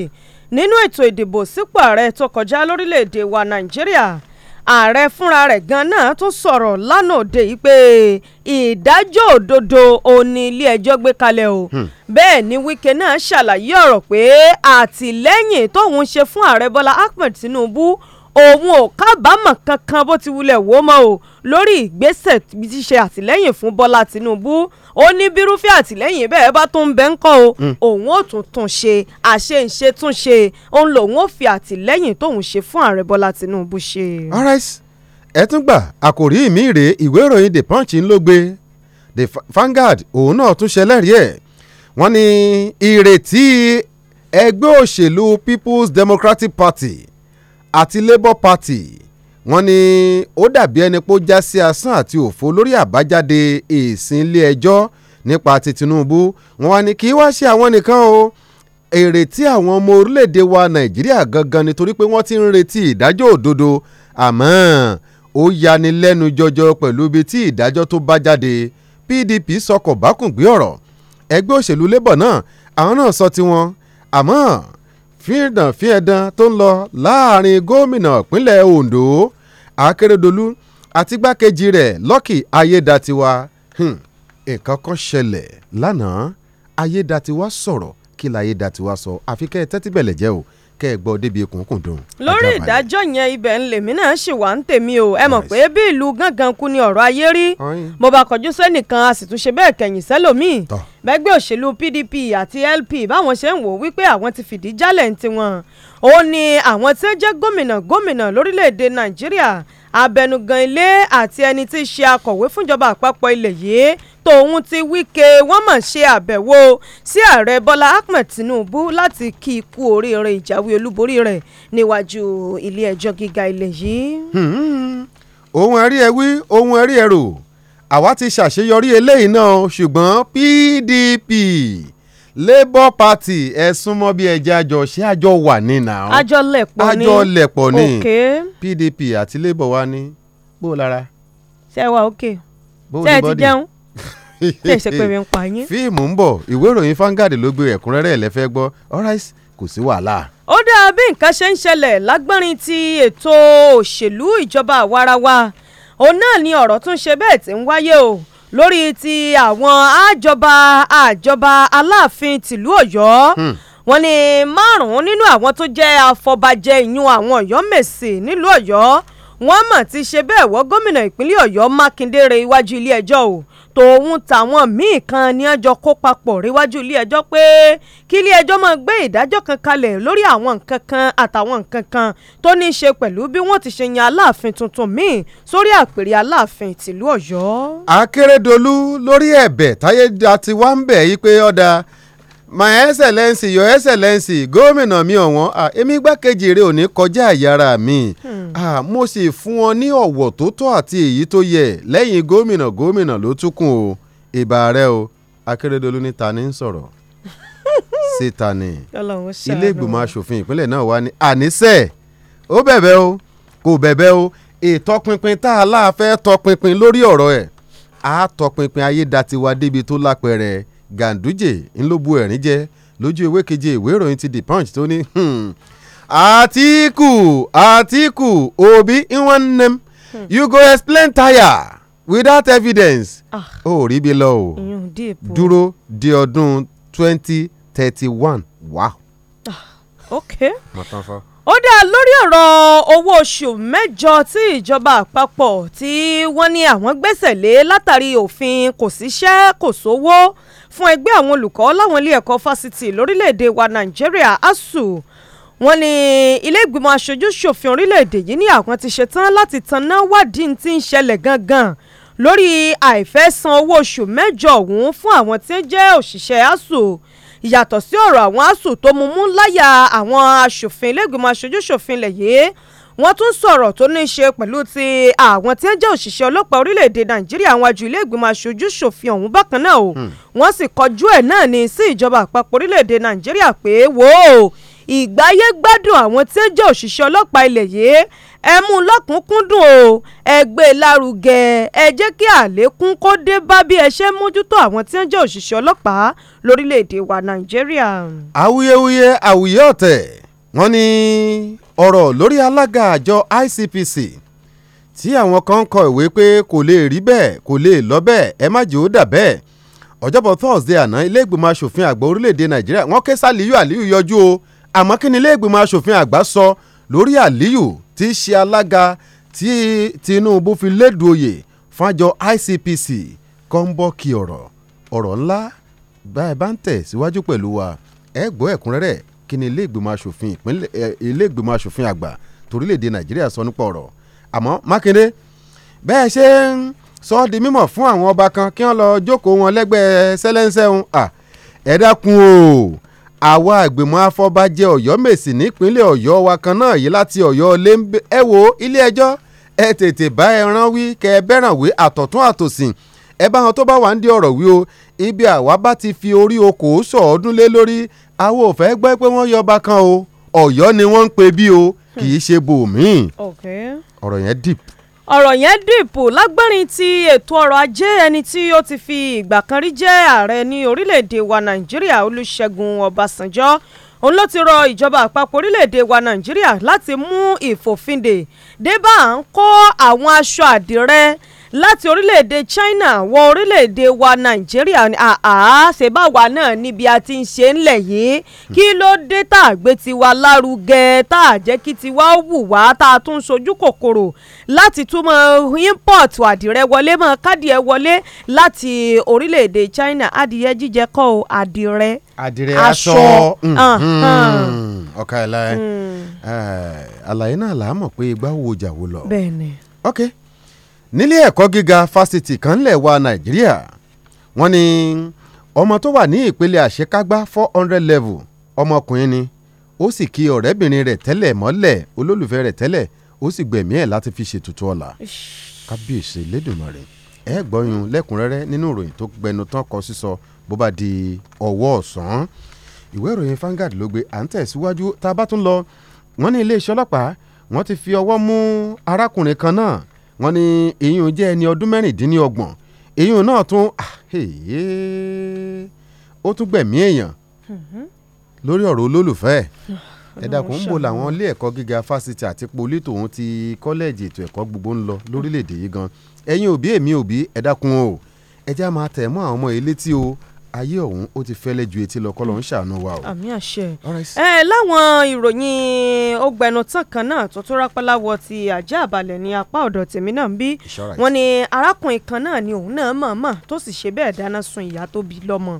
nínú ètò ìdìbò sípò ààrẹ tó kọjá lórílẹ̀‐èdè wa nàìjíríà ààrẹ fúnra rẹ̀ gan náà tún sọ̀rọ̀ lánàá òde yìí pé ìdájọ́ òdodo òní ilé ẹjọ́ gbé kalẹ̀ o hmm. bẹ́ẹ̀ ni wike náà ṣàlàyé ọ̀rọ̀ pé àtìlẹ́yìn tóun ṣe fún ààrẹ bọ́lá ahmed tinubu òun ò kábàámọ̀ kankan bó ti wulẹ̀ wò mọ́ o lórí ìgbésẹ̀ ti ṣe àtìlẹ́yìn fún Bọ́lá Tinubu ó ní bírúfẹ́ àtìlẹ́yìn bẹ́ẹ̀ bá tún ń bẹ́ ń kọ́ o hmm. òun ò tún tún ṣe àṣeǹṣe tún ṣe òun lòun ò fi àtìlẹ́yìn tóun ṣe fún ààrẹ Bọ́lá Tinubu ṣe. all ẹ tún gbà àkòrí mi rèé ìwé ìròyìn The Punch ń ló gbé The Vanguard òun náà tún ṣẹlẹ́rìí ẹ̀ wọ́n ní ìrètí ẹgbẹ́ òṣèlú People's Democratic Party àti Labour Party wọ́n ní ó dàbí ẹni pé ó já sí asán àti òfo lórí àbájáde èsìn ilé ẹjọ́ nípa ti Tinubu wọ́n wá ní kí wá ṣe àwọn nìkan o èrè àwọn ọmọ orílẹ̀-èdè wa Nàìjíríà gangan nítorí pé wọ́n ti ń retí ìdájọ́ òdodo àmọ́ ó yani lẹ́nu jọjọ pẹ̀lú ibi tí ìdájọ́ tó bá jáde PDP sọkọ̀ bákùngbé ọ̀rọ̀ ẹgbẹ́ òṣèlú Labour náà àwọn náà sọ tiwọn àmọ́ fídàn-fíẹ̀dán tó ń lọ láàrin gómìnà ìpínlẹ̀ Ondo Akérèdọ́lù àti igbákejì rẹ̀ Lucky Ayédatiwa hmm, nǹkan kan ṣẹlẹ̀ lánàá Ayédatiwa sọ̀rọ̀ kí láyédatiwa sọ àfi kẹ́ ẹ tẹ́tí bẹ̀lẹ̀ jẹ́ o kẹ́ ẹ̀ gbọ́ débi ikùn kùn dùn. lórí ìdájọ́ yẹn ibẹ̀ ń lèmi náà ṣì wà ń tèmi o ẹ mọ̀ pé bí ìlú gángan kú ni ọ̀rọ̀ ayé rí mo bá kọjú sẹ́nìkan a sì tún ṣe bẹ́ẹ̀ kẹ̀yìn sẹ́lòmíì bẹ́gbẹ́ òṣèlú PDP àti LP báwọn ṣe ń wò wípé àwọn ti fìdí jálẹ̀ ń tiwọn òun ni àwọn tí ń jẹ́ gómìnà gómìnà lórílẹ̀‐èdè Nàìjíríà abẹnugan ilé àti ẹni tí í ṣe akọ̀wé fúnjọba àpapọ̀ ilẹ̀ yìí tòun ti Wike wọ́n mọ̀ ṣe àbẹ̀wò sí ààrẹ Bọ́lá Ahmed Tinubu láti kí i kú oríire ìjáwé olúborí rẹ̀ níwájú ilé ẹjọ́ gíga ilẹ̀ yìí. Hmm. ohun ẹ̀rí ẹ wí ohun ẹ̀rí ẹ rò àwa ti ṣàṣeyọrí eléyìí náà ṣùgbọ́n PDP labour party ẹ súnmọ́ bí ẹja àjọ ṣé àjọ wà ní nàá. àjọ lẹ̀pọ̀ ni àjọ lẹ̀pọ̀ ni pdp àti labour wa ní bó lára. ṣé wà òkè ṣé ẹ ti jẹun ṣé ẹ ṣe pé mi ń pa yín. fíìmù ń bọ̀ ìwé ìròyìn fangad ló gbé ẹ̀kúnrẹ́rẹ́ ẹ̀ lẹ́fẹ́ gbọ́ alright kò sí wàhálà. ó dáa bí nǹkan ṣe ń ṣẹlẹ̀ lágbárin ti ètò òṣèlú ìjọba àwarawa òun náà ni ọ̀rọ̀ tún ṣe bẹ́ẹ̀ tí ń wáyé o lórí ti àwọn àjọba àjọba aláàfin tìlú Ọ̀yọ́ hmm. wọ́n ní márùnún nínú àwọn tó jẹ́ afọbajẹ ìyún àwọn Ọ̀yọ́mèsì nílùú Ọ̀yọ́ wọ́n mà ti ṣe bẹ́ẹ̀ wọ́ gómìnà ìpínlẹ̀ Ọ̀yọ́ Mákindé re iwájú ilé ẹjọ́ o tòun tàwọn míì kan ni wọ́n jọ kó papọ̀ ríwájú ilé-ẹjọ́ pé kí ilé-ẹjọ́ máa gbé ìdájọ́ kan kalẹ̀ lórí àwọn nǹkan kan àtàwọn nǹkan kan tó ní í ṣe pẹ̀lú bí wọ́n ti ṣe yan aláàfin tuntun míì sórí àpèrè aláàfin tìlú Ọ̀yọ́. Akérèdọ́lù lórí ẹ̀bẹ̀ Táyé Àtiwá ń yí pé ọ̀dà my excellence your excellence gómìnà mi ọ̀wọ́n èmi igbákejì rẹ ò ní kọjá àyàrá mi hmm. mo sì fún ọ ní ọ̀wọ̀ tó tọ́ àti èyí tó yẹ lẹ́yìn gómìnà gómìnà ló tún kùn o ìbà rẹ o akérèdọ́lù ní ta ni ń sọ̀rọ̀ síta ni ilé ìgbìmọ̀ asòfin ìpínlẹ̀ náà wà ní àníṣe ó bẹ̀bẹ̀ o kò bẹ̀bẹ̀ o ìtọpinpin tá a láà fẹ́ tọpinpin lórí ọ̀rọ̀ ẹ̀ àá tọpinpin ayé datiwa débi tó lápẹ̀rẹ̀ Ganduje ń ẹ̀rín jẹ lójú ewé keje ìwé ìròyìn ti The Punch tó ní hmm, Atiku Atiku Obi nwannem hmm. you go explain tire without evidence ah. ó rí bí lọ o dúró di ọdún twenty thirty one wow. Ah, ok ó dá lórí ọ̀rọ̀ owó oṣù mẹ́jọ tí ìjọba àpapọ̀ tí wọ́n ní àwọn gbẹ́sẹ̀ lé látàrí òfin kò síṣẹ́ kò sówó. So fún ẹgbẹ́ àwọn olùkọ́ láwọn ilé ẹ̀kọ́ fásitì lórílẹ̀‐èdè wa nàìjíríà asuu wọ́n ní ilé ìgbìmọ̀ aṣojú ṣòfin orílẹ̀‐èdè yìí ní àwọn ti ṣetán láti tanná wádìí tí ń ṣẹlẹ̀ gangan lórí àìfẹ́ san owó oṣù mẹ́jọ ọ̀hún fún àwọn tí ń jẹ́ òṣìṣẹ́ asuu ìyàtọ̀ sí ọ̀rọ̀ àwọn asuu tó mumú láyà àwọn aṣòfin ilé ìgbìmọ̀ aṣojú ṣòfin lẹ̀ yìí wọ́n tún sọ̀rọ̀ tó ní í ṣe pẹ̀lú ti àwọn tí ń jẹ́ òṣìṣẹ́ ọlọ́pàá orílẹ̀-èdè nàìjíríà àwọn àjò ilé ìgbìmọ̀ aṣojú ṣòfin ọ̀hún bákan náà o hmm. wọ́n sì kọjú ẹ̀ náà ní sí ìjọba àpapọ̀ orílẹ̀-èdè nàìjíríà pé wò ó ìgbáyé gbádùn àwọn tí ń jẹ́ òṣìṣẹ́ ọlọ́pàá ilẹ̀ yìí ẹ mú un lọ́kùnkúndùn o ẹ gbé e lárugẹ ẹ jẹ́ kí àlékún kó dé bá bí ẹ ṣe mójútó àwọn tí ń jẹ́ òṣìṣẹ́ ọlọ́pàá lórílẹ̀‐èdè wa nàìjíríà. awuyewuye àwùyé ọ̀tẹ̀ wọ́n ní ọ̀rọ̀ lórí alága àjọ ICPC tí àwọn kan kọ ìwé pé kò lè rí bẹ́ẹ̀ kò lè lọ bẹ́ẹ̀ ẹ má jẹ́ ó dà bẹ́ẹ̀ ọjọ́bọ̀ thursday àná ilé ìgbìmọ̀ asòfin àgbà orílẹ̀‐èdè nàìjíríà wọ́n ké sálíyù àlíyù yọjú o àmọ́ kí ni ilé asòfin àgbà sọ lórí àlíyù tí í ṣe alága tí tinubu fi lédùn oyè fájọ ICPC kọ́ ń bọ́ kí ọ̀rọ̀ ọ̀rọ̀ ńlá bá ẹ bá ń tẹ̀ síwájú pẹ̀lú wa ẹ gbọ́ ẹ̀kúnrẹ́rẹ́ kí ni ilé ìgbìmọ̀ asòfin ìpínlẹ̀ ilé ìgbìmọ̀ asòfin àgbà torílẹ̀‐èdè nàìjíríà sọ nípa ọ̀rọ̀ àmọ́ mákindé bẹ́ẹ̀ ṣe ń sọ ọ́ di mímọ̀ fún àwọn ọba kan kí wọ́n lọ jókòó wọn lẹ́gbẹ̀ẹ́ sẹ́lẹ́ńsẹ́ ń à ẹ dákun o àwa ìgbìmọ̀ afọbajẹ ọ̀yọ́mèsì nípínlẹ̀ ọ̀yọ́ wa kan náà yìí láti ọ̀yọ́ lé ẹ wo ilé ẹ tètè bá ẹran wí kẹ ẹ bẹ́ràn wé àtọ̀tún àtòsìn ẹ bá wọn tó bá wà ń di ọ̀rọ̀ wí o ibi àwa bá ti fi orí okò sọ lé lórí àwọn ò fẹ́ gbẹ́ pé wọ́n yọba kan o ọ̀yọ́ ni wọ́n ń pe bí o kì í ṣe bòmíì ọ̀rọ̀ yẹn deep ọ̀rọ̀ yẹn dìpò lágbẹ́rin ti ètò ọrọ̀ ajé ẹni tí ó ti fi ìgbà kan rí jẹ́ ààrẹ ní orílẹ̀-èdè wa nàìjíríà olúṣẹ́gun ọbásanjọ́ òun ló ti rọ ìjọba àpapọ̀ orílẹ̀-èdè wa nàìjíríà láti mú ìfòfindè dé bá à ń kó àwọn aṣọ àdìrẹ láti orílẹ̀-èdè China wọ orílẹ̀-èdè wa Nàìjíríà ni ṣe bá wa náà níbi a ti ń ṣe ńlẹ̀ yìí hmm. kí ló dé tá a gbé tiwa lárugẹ tá a jẹ́ kí tiwa wù wá tá a tún sojú kòkòrò láti túmọ̀ import àdìrẹ wọlé mọ́ kádìẹ wọlé láti orílẹ̀-èdè China adìyẹ jíjẹ kọ́ o àdìrẹ àdìrẹ aṣọ ọ̀ka ẹ̀ láyé àlàyé náà là á mọ̀ pé igbá wo jà wo lọ. bẹ́ẹ̀ni. ok nílé ẹ̀kọ́ gíga fásitì kan ńlẹ̀ wa nàìjíríà wọ́n ní ọmọ tó wà ní ìpele àṣekágbá four hundred level ọmọkùnrin ni ó sì kí ọ̀rẹ́bìnrin rẹ̀ tẹ́lẹ̀ mọ́lẹ̀ olólùfẹ́ rẹ̀ tẹ́lẹ̀ ó sì gbẹ̀mí ẹ̀ láti fi ṣètùtù ọ̀la kábíyèsí lẹ́dùnmọ̀rẹ́ ẹ gbọ́yún lẹ́kùnrẹ́rẹ́ nínú ìròyìn tó gbẹnu tán kọ sísọ bó bá di ọwọ́ ọ̀sán ìwé ìròyìn Vanguard ló gbé à ń tẹ̀síwájú tá a bá tún lọ wọ́n ní iléeṣẹ́ ọlọ́pàá wọ́n ti fi ọwọ́ mú arákùnrin kan náà wọ́n ní ìyún jẹ́ ẹni ọdún mẹ́rìndínlọ́gbọ̀n ìyún náà tún ó tún gbẹ̀mí èèyàn lórí ọ̀rọ̀ olólùfẹ́ ẹ dákun ń bò làwọn ilé ẹ̀kọ́ gíga fásitì àti poli tòun ti kọ́lẹ́ẹ̀jì ètò ẹ̀kọ́ gbogbo ń lọ lórílẹ̀‐èdè yìí gan ẹ̀yin òbí èmi òbí ẹ dákun o ẹ já máa tẹ̀ mọ́ àwọn ọmọ yìí létí o ayé ọ̀hún ó ti fẹ́lẹ́ ju etí lọ kọ́lọ́ ń ṣàánú wa o. àmì àṣẹ ẹ láwọn ìròyìn ọgbẹ̀nu tán kan náà tó tó rápálá wọ ti àjẹ́ àbálẹ̀ ní apá ọ̀dọ̀ tèmi náà ń bí wọ́n ní arákùnrin kan náà ni òun náà mọ̀ọ́mọ̀ tó sì ṣe bẹ́ẹ̀ dáná sun ìyá tó bí lọ́mọ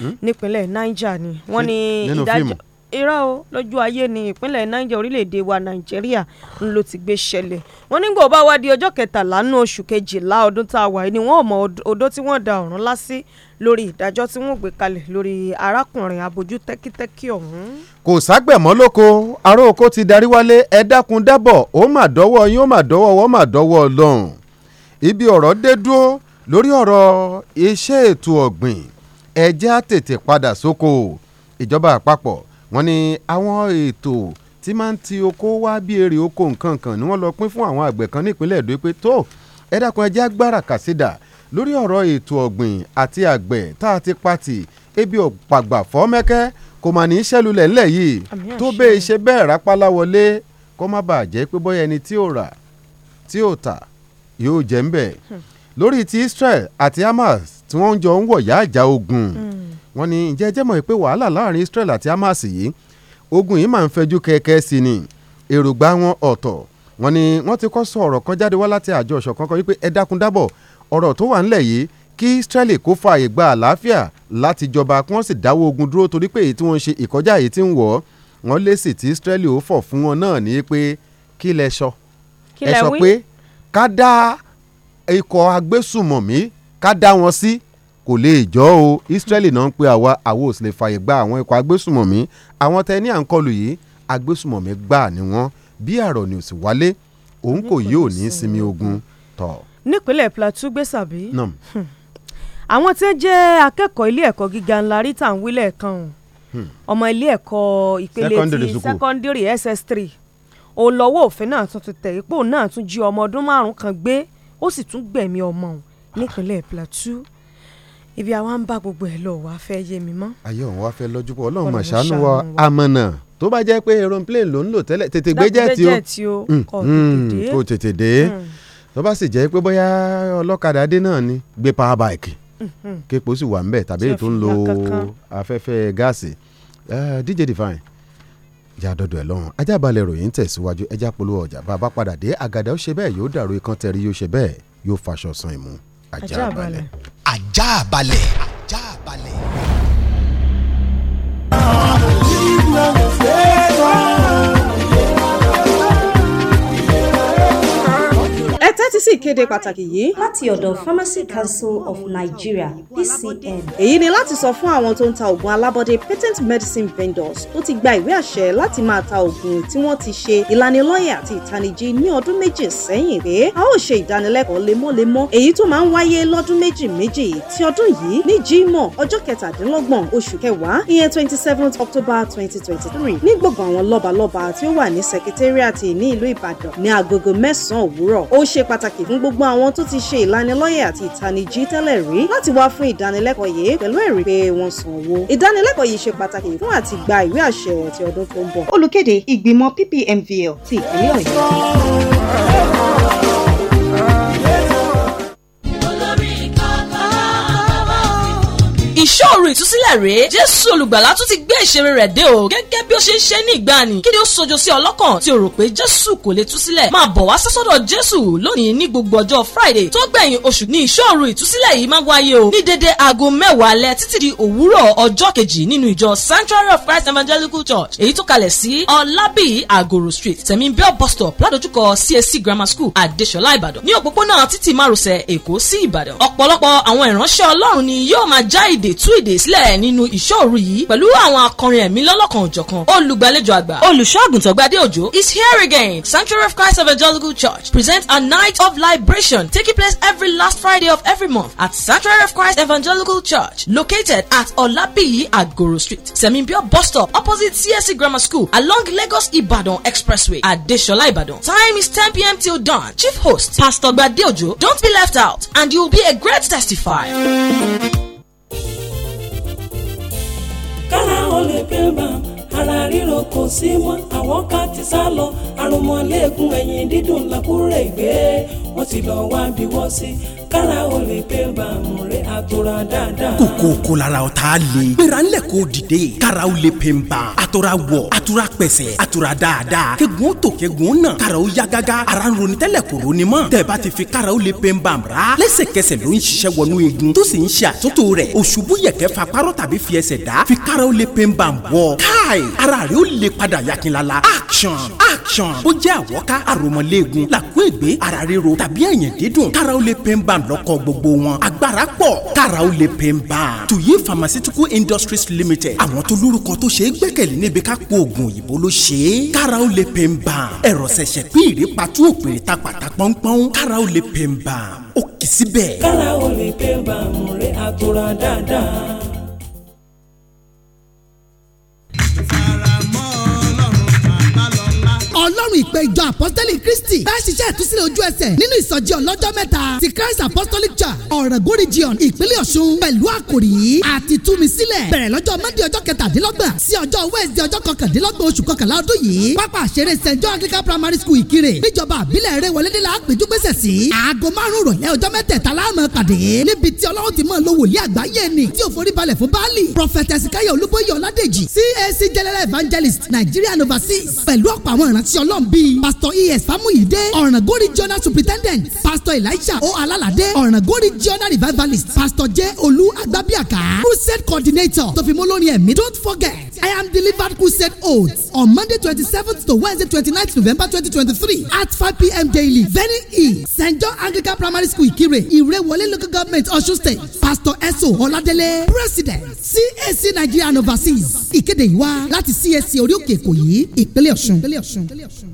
hmm? nípínlẹ̀ Niger ni wọ́n ní ìdájọ́ irọ́ o lójú ayé ni ìpínlẹ̀ niger orílẹ̀-èdè wa nàìjíríà ń ló ti gbé ṣẹlẹ̀ wọn nígbà ó bá wá di ọjọ́ kẹtàlá nù oṣù kejìlá ọdún tá a wà ní wọn ò mọ odó tí wọ́n da ọ̀run lásì lórí ìdájọ́ tí wọ́n gbé kalẹ̀ lórí arákùnrin abojú tẹ́kítẹ́kí ọ̀hún. kò ságbẹ̀mọ́ lóko ará oko ti darí wálé ẹ dákun dábọ̀ ó mà dọ́wọ́ yín ó mà dọ́wọ́ wọ́n mà dọ́wọ́ ọlọ́run ibi ọ̀rọ̀ dé dúró lórí ọ̀rọ̀ iṣẹ́ ètò ọ̀gbìn ẹ jẹ́ á tètè padà sóko ìjọba àpapọ̀ wọ́n ní àwọn ètò tí máa ń ti oko wá bí èrè oko nǹkan kan ni wọ́n lọ pín fún àwọn àgbẹ̀ kan nípínlẹ̀ èdò pé tó ẹ dákun ẹ jẹ́ agbára kàsídà lórí ọ̀rọ̀ ètò ọ̀gbìn àti àgbẹ̀ tá a ti patì ebi ọ̀pàgbà fọ́mẹ́kẹ́ kò mà ní í ṣẹ́lulẹ̀ ńlẹ̀ yìí tó bẹ́ẹ̀ ṣe bẹ́ẹ̀ rápálá wọlé kó má bàa jẹ́ pé bóyá ẹni tí ò rà tí ò tà yóò jẹ́ ń bẹ̀. Hmm. lórí ti Israel àti Hamas tí wọ́n ń jọ ń wọ̀yá àjà ogun hmm. wọ́n ní ǹjẹ́ jẹ́ mọ̀ pé wàhálà láàrin Israel àti Hamas yìí ogun yìí máa ń fẹjú kẹ̀kẹ́ sí ni èròǹgbà wọn ọ̀tọ̀ wọ́n ní wọ́n ti kọ́ sọ ọ̀rọ̀ kan jáde wá láti àjọ ọ̀ṣọ̀kan kan wípé ẹ dákun dábọ̀ ọ̀rọ̀ tó wà ńlẹ̀ yìí kí Israeli kó fààyè gba àlàáfíà láti jọba kí wọ́n sì dáwọ́ ogun dúró torí pé èyí tí wọ́n ń ṣe ìkọjá èyí tí ń wọ̀ wọ́n lé sí ti Israeli ó fọ̀ fún wọn náà ní pé kí lẹ sọ ẹ sọ pé ká dá ikọ̀ agbésùmọ̀mí ká dá wọn sí kò lè jọ o Israeli náà ń pe àwa àwo sì lè fààyè gba àwọn ikọ̀ agbésùmọ̀mí àwọn tẹ ní à yìí agbésùmọ̀mí gbà ni wọ́n bí àrọ̀ ni ò sì wálé òun kò yí ò sinmi ogun tọ̀ nípínlẹ̀ plateau gbèsàbí hmm. àwọn tí ń jẹ́ akẹ́kọ̀ọ́ ilé ẹ̀kọ́ gíga ńlá rita ń wílẹ̀ kan hmm. ọmọ ilé ẹ̀kọ́ ìpele ti secondary ss3 olọ́wọ́ òfin náà tún ti tẹ̀ ipò náà tún jí ọmọ ọdún márùn-ún kan gbé ó sì tún gbẹ̀mí ọmọ òun nípínlẹ̀ plateau ibi àwa ń bá gbogbo ẹ̀ lọ wàá fẹ́ yé mi mọ́. ayé òun wàá fẹ́ lọ́jú pọ̀ ọlọ́run màṣánú wa amọ̀nà tó bá jẹ́ pé aeroplane ló ń lò tẹ́lẹ̀ tètè gbé jẹ́ẹ̀tì o hmm. kò tètè dé tó bá sì jẹ́ pé bóyá ọlọ́kadà dé náà ni gbé power bike mhm. képo sì wà ńbẹ̀ tàbí èyí ń lo afẹ́fẹ́ gáàsì DJ Divine ìjà dọdọ ẹ lọ́rùn ajá balẹ̀ ròyìn tẹ̀síwájú ẹjá polówó ọjà bá a bá padà dé àgàdà ó ṣe bẹ́ẹ̀ yóò dàrú ikán tẹ̀rí yóò ṣe bẹ́ẹ̀ yóò faṣọ san ìmú ajá balẹ̀. ajá balẹ̀ ajá balẹ̀. sí ìkéde pàtàkì yìí. láti ọ̀dọ̀ Pharmacy Council of Nigeria PCN. èyí ni láti sọ fún àwọn tó ń ta oògùn alábọ́dé patent medicine vendors tó ti gba ìwé àṣẹ láti máa ta oògùn tí wọ́n ti ṣe ìlanilọ́yẹ̀ àti ìtanijí ní ọdún méjì sẹ́yìn pé a ó ṣe ìdánilẹ́kọ̀ọ́ lemọ́lemọ́ èyí tó máa ń wáyé lọ́dún méjì méjì ti ọdún yìí ní Jímọ̀ ọjọ́ kẹtàdínlọ́gbọ̀n oṣù kẹwàá ìyẹn twenty seventh October twenty twenty three ní gbọ̀ngàn àwọn lọ́balọ́ba tí ó wà ní secretariat ní ìlú Ìbàdàn ní agogo mẹ́sàn-án òwúrọ̀ ó ṣe pàtàkì pàtàkì fún gbogbo àwọn tó ti ṣe ìlanilọ́yẹ̀ àti ìtanijí tẹ́lẹ̀ rí láti wá fún ìdánilẹ́kọ̀ọ́ yìí pẹ̀lú ẹ̀rí pé wọ́n san owó. ìdánilẹ́kọ̀ọ́ yìí ṣe pàtàkì fún àti gba ìwé àṣẹ ti ọdún tó ń bọ̀. olùkéde ìgbìmọ̀ PPMVL ti ìpínlẹ̀ Ọ̀yọ́. ìṣòro ìtúsílẹ̀ rèé jésù olùgbàlà tún ti gbé ìṣeré rẹ̀ dé o gẹ́gẹ́ bí ó ṣe ń ṣe ní ìgbàanì kí ni ó sojo sí ọlọ́kàn tí o rò pé jésù kò lè tú sílẹ̀ máa bọ̀ wá sọ́sọ́dọ̀ jésù lónìí ní gbogbo ọjọ́ friday tó gbẹ̀yìn oṣù ní ìṣòro ìtúsílẹ̀ yìí máa wáyé o ní dédé aago mẹ́wàá alẹ́ títí di òwúrọ̀ ọjọ́ kejì nínú ìjọ sanctuary of christ evangelical church èyí tó kalẹ̀ sí ọlábì àgòrò street tẹ̀mí bell bus stop ládojúkọ csc grammar school àdéṣọlá ìbàdàn ní òpópónà títì márosẹ̀ èkó sí ìbàdàn ọ̀pọ̀lọpọ̀ àwọn ìránṣẹ́ ọlọ́run ni yóò máa já ìdè tú ìdè sílẹ̀ nínú ìṣòro yìí pẹ̀lú àwọn akọrin ẹ̀mí lọ́lọ́kan òjọ̀kan olùgbàlejò àgbà olùṣọ́àgùntàn gbadé òjò is here again sanctuary of christ evangelical church presents a night of liberation taking place every last friday of every month at sanctuary of christ evangelical church located at olabiyi agoro street semimbio bus stop opposite csc e grammar school along lagos ibadan expressway adesola ibadan time is ten pm till dawn chief host pastor gbadé òjò don't be left out and you will be a great testifier. pẹ́ẹ́bàm ara ríro kò sí mọ́ àwọn ká ti sá lọ àrùnmọ́lẹ́gùn ẹ̀yìn dídùn làkúrẹ́ ìgbé wọ́n ti lọ wá bí wọ́n sí kára o lè pé bàmù rẹ̀ àtòrà dáadáa. kòkó kò lára o tá a lè. gbéra ńlẹ̀ kó dìde kára o lè pè ń bà. àtòrà wọ̀ àtòrà pẹ̀sẹ̀ àtòrà dáadáa. kegun tó kegun náà kára o yá gágá. ara ń ronú tẹ́lẹ̀ kò ronú mọ́. tẹ̀bá ti fi kára o lè pè ń bà mọ́ra. lẹ́sẹ̀kẹsẹ̀ ló ń ṣiṣẹ́ wọnú igun tó sì ń ṣe àtúntò rẹ̀. òṣùbù yẹ̀kẹ́ fa párọ̀ tàbí fi ẹsẹ̀ dá. fi kára o lè pè ń bà bọ̀. káì ara rẹ̀ action action ó jẹ́ àwọ́ká àròmọ̀lẹ́gun làkúègbé ara ríro tàbí ẹ̀yìn dídùn kára ó lè pain balm lọ́kọ̀ gbogbo wọn agbára pọ̀ kára ó lè pain tuyi pharmaceutical industries limited àwọn tó lórúkọ tó ṣe é gbẹ́kẹ̀lé níbi ká po oògùn òyìnbó ló ṣe é kára ó lè pain balm ẹ̀rọ ṣẹ̀ṣẹ̀ pín ìrèpàtú òpèrè tapàtà pọ́npọ́n kára ó lè pain ó kì í síbẹ̀. kára ó lè pain balm rẹ̀ àtòrà dáadáa nínú ìpè ìjọ apọ́sítẹ́lì kristi bá a ṣiṣẹ́ ìtúsílẹ̀ ojú ẹsẹ̀ nínú ìsọjí ọlọ́jọ́ mẹ́ta ti christ apostolic church ọ̀rẹ́gun region ìpínlẹ̀ ọ̀ṣun pẹ̀lú àkòrí àti túmi sílẹ̀ bẹ̀rẹ̀ lọ́jọ́ mọ́ndé ọjọ́ kẹtàdínlọ́gbọ̀n sí ọjọ́ wednesday ọjọ́ kọkàndínlọ́gbọ̀n oṣù kọkànlá ọdún yìí pápá àṣẹrẹ st john anglican primary school ìkirè níjọba àbílẹ̀ eré wọlédè la péjú pèsè sí aago márùn rọ̀lẹ́ ọjọ́ mẹ́tẹ̀ẹ̀ta láàmú pàdé níbi tí ọlọ́run ti máa lo wòlíì àgbáyé ni tí ò forí balẹ̀ fún baálì prọfẹtẹ sikaya olúbóyè ọládèjì cac general evangelist nigerian overseas pẹ̀lú ọ̀pọ̀ àwọn ìrántí ọlọ́run tán bíi pastor es famuyide ọ̀ràngún regional superintendent pastor elisha o alalade ọ̀ràngún regional revivalist pastor j olú agbábíàká crusade coordinator tòfimolórin ẹ̀mí don't forget i am delivered crusade oath on monday twenty seventh to wednesday twenty ninth november twenty twenty three at five pm daily very e st john anglican primary school Ikire ìrẹ̀wọlé local government Osun state pastor eso Oladele, president cac nigeria and overseas ìkéde yìí wá láti cac orí òkè èkó yìí ìpínlẹ̀ ọ̀ṣun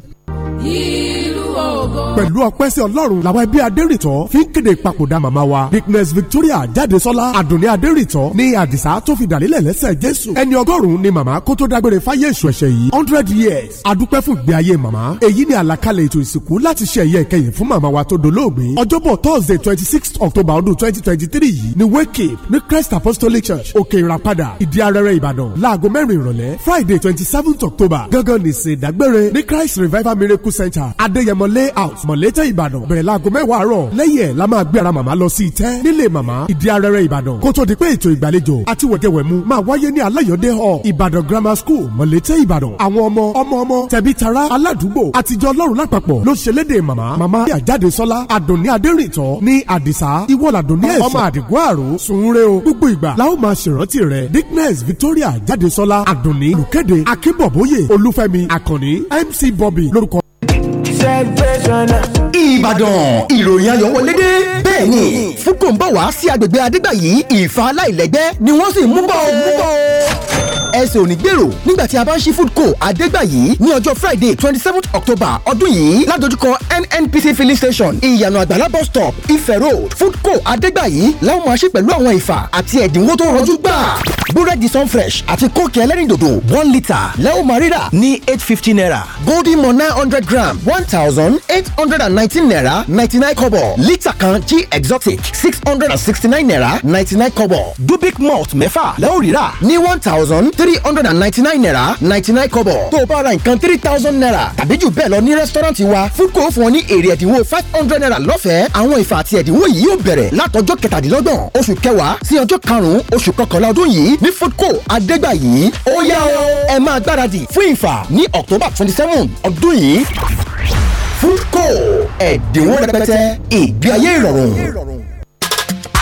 pẹ̀lú ọpẹ́ sí ọlọ́run làwọn ẹbí adérìtọ́ fi ń kéde ìpapòdà màmá wa bigness victoria jádesọ́lá àdùnní adérìtọ́ ní àdìsá tó fi dàlílẹ̀ lẹ́sẹ̀ jésù ẹni ọgọ́rùn-ún ni màmá kó tó dágbére fáyé èṣù ẹ̀ṣẹ̀ yìí hundred years adúpẹ́ fún ìgbé ayé màmá èyí ni àlàkalẹ̀ ètò ìsìnkú láti ṣe ẹ̀yẹ ìkẹyìn fún màmá wa tó dolóògbé ọjọ́bọ̀ thursday twenty six october ọdún twenty twenty three christ apostolic church òkè ìràpadà ìdí arẹrẹ ìbàdàn láago mẹ́rin ìrọ̀lẹ́ friday twenty seven october gángan nìsín ìdágbére ní christ revival miracle center adéyẹmọ layout mọ̀lété ìbàdàn bẹ̀rẹ̀ láago mẹ́wàá àárọ̀ lẹ́yìn ẹ̀ la máa gbé ara màmá lọ sí ìtẹ́ nílé màmá ìdí arẹrẹ ìbàdàn kó tó di pé ètò ìgbàlejò àti wẹ̀dẹ̀wẹ̀mu máa wáyé ní aláyọ̀dé hall ìbàdàn grammar school mọ̀lété ìbàdàn àwọn ọmọ ọmọ ọmọ tẹ̀bí tara aládùúgbò àtijọ́ ọlọ́run lápapọ̀ ló ṣe léde màmá màmá àjáde sọ́lá àdùnní adérìntọ́ ní àdìsá ìwọ́làdùnní ẹ̀sọ́ ọmọ àdìgún àrò sùnúnrẹ́ o gbogbo ìgbà la ó máa ṣèrántí rẹ̀ dickness victoria jáde sọ́lá àdùnní olùkéde akínbọ̀bóyè olúfẹ́mi àkànní mc bobby lórúkọ ìbàdàn ìròyìn ayọ̀ wọlé dé bẹ́ẹ̀ ni fúkò ń bọ̀ wá sí agbègbè adégbàyí ìfà aláìlẹ́gbẹ́ ni wọ́n sì mú bọ̀ ọ́ mú bọ̀ ẹsẹ̀ ò ní gbèrò nígbà tí a bá ń ṣí food co adégbàyí ní ọjọ́ friday twenty seven october ọdún yìí ládojúkọ nnpc filling station ìyànà àgbàlá bus stop ife road food co adégbàyí láwọn máa ṣe pẹ̀lú àwọn ìfà àti ẹ̀dínwó tó rọjú gbà búrẹ́dì sunfresh àti kóòkì ẹlẹ́rìndòdò one litre lẹ́wọ̀n máa rírà ní eight fifty naira golden mo nine hundred gram one thousand eight hundred and nineteen naira ninety-nine kobo lítà kan g exotic six hundred and sixty-nine naira ninety-nine kobo dubic malt mẹ́fà lẹ́wọ̀n rírà ní one thousand three hundred and ninety-nine naira ninety-nine kobo tó o bá ra nǹkan three thousand naira tàbí jù bẹ́ẹ̀ lọ ní rẹ́sítọ́rọ̀ǹtì wa foodco fún ọ ní èrè ẹ̀dínwó five hundred naira lọ́fẹ̀ẹ́ àwọn ìfà àti ẹ̀dínwó yìí yóò bẹ̀rẹ̀ látọjọ́ kẹtàdínlọ́gbọ̀n oṣù kẹwàá sí ọjọ́ karùn-ún oṣù kọkànlá ọdún yìí ní foodco adégbà yìí ó yá o ẹ máa gbáradì fún ìfà ní october twenty seven ọdún yìí foodco ẹ̀dínwó rẹpẹtẹ ìgbé ayé ìrọ̀rùn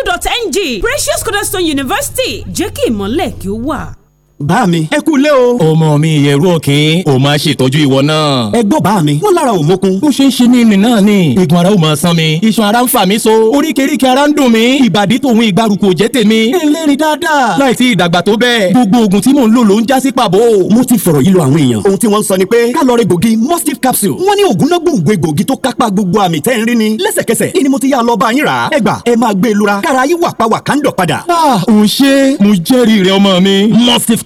edu.ng Precious Cornerstone University jẹ́ kí ìmọ̀lẹ̀ kí ó wà bá mi. ẹ kú o. ọmọ mi ìyẹ̀rú òkín o máa ṣètọ́jú ìwọ náà. ẹ gbọ́ bá mi. wọ́n lára ò mókun. ó ṣe ń ṣe ní ìrìn náà ni. igun ara ò máa san mi. iṣan ara ń fà mí so. oríkèéríkèé ara ń dùn mí. ìbàdí tòun ìgbàrúkọ jẹ́ tèmi. ẹlẹ́rìí dáadáa. láìsí ìdàgbà tó bẹ́ẹ̀. gbogbo oògùn tí mò ń lò ló ń já sí pàbó. mo ti fọ̀rọ̀ yí lọ àwọn èèyàn. ohun tí wọ́n sọ ni pé kálọ̀rì capsule. wọ́n ní oògùn náà gbòǹgbò egbòogi ni. lẹ́sẹ̀kẹsẹ̀ ni mo ti yá lọ bá e lura. kára yín wà pa ah òun ṣe mo jẹ́rìí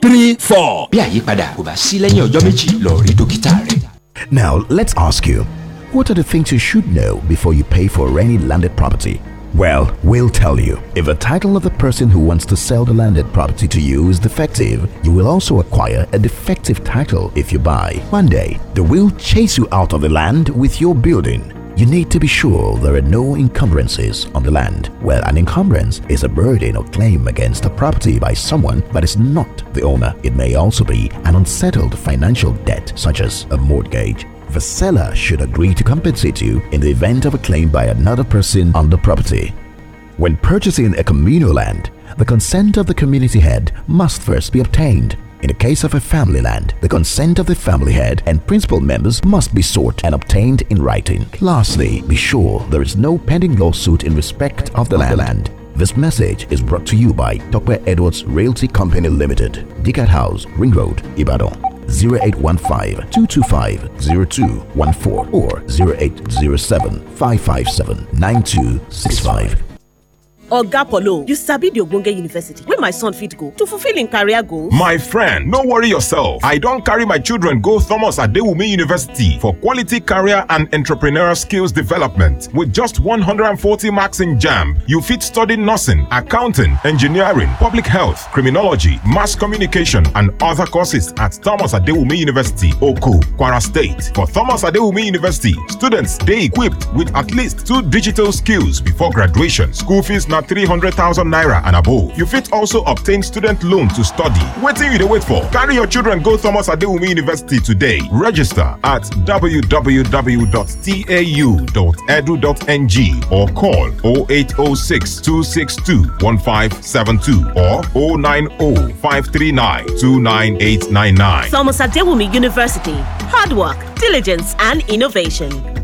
three four. bí àyípadà kò bá sí lẹ́yìn ọjọ́ méjì lọ rí dókítà rẹ. Now, let's ask you what are the things you should know before you pay for any landed property? Well, we'll tell you. If the title of the person who wants to sell the landed property to you is defective, you will also acquire a defective title if you buy. One day, they will chase you out of the land with your building. You need to be sure there are no encumbrances on the land. Well, an encumbrance is a burden or claim against a property by someone but is not the owner. It may also be an unsettled financial debt such as a mortgage. The seller should agree to compensate you in the event of a claim by another person on the property. When purchasing a communal land, the consent of the community head must first be obtained in the case of a family land, the consent of the family head and principal members must be sought and obtained in writing. Lastly, be sure there is no pending lawsuit in respect of the land. This message is brought to you by Topware Edwards Realty Company Limited, Dickard House, Ring Road, Ibadan. 0815-225-0214 or 0807-557-9265 oga polo you sabi di ogbonge university Where my son fit go to fulfill in career goals my friend no worry yourself i don't carry my children go thomas adewumi university for quality career and entrepreneurial skills development with just 140 marks in jamb you fit study nursing accounting engineering public health criminology mass communication and other courses at thomas adewumi university oku kwara state for thomas adewumi university students stay equipped with at least two digital skills before graduation school fees 300,000 naira and above. You fit also obtain student loan to study. Waiting you to wait for. Carry your children go Thomas Adewumi University today. Register at www.tau.edu.ng or call 0806 262 1572 or 090 539 Thomas Adewumi University. Hard work, diligence, and innovation.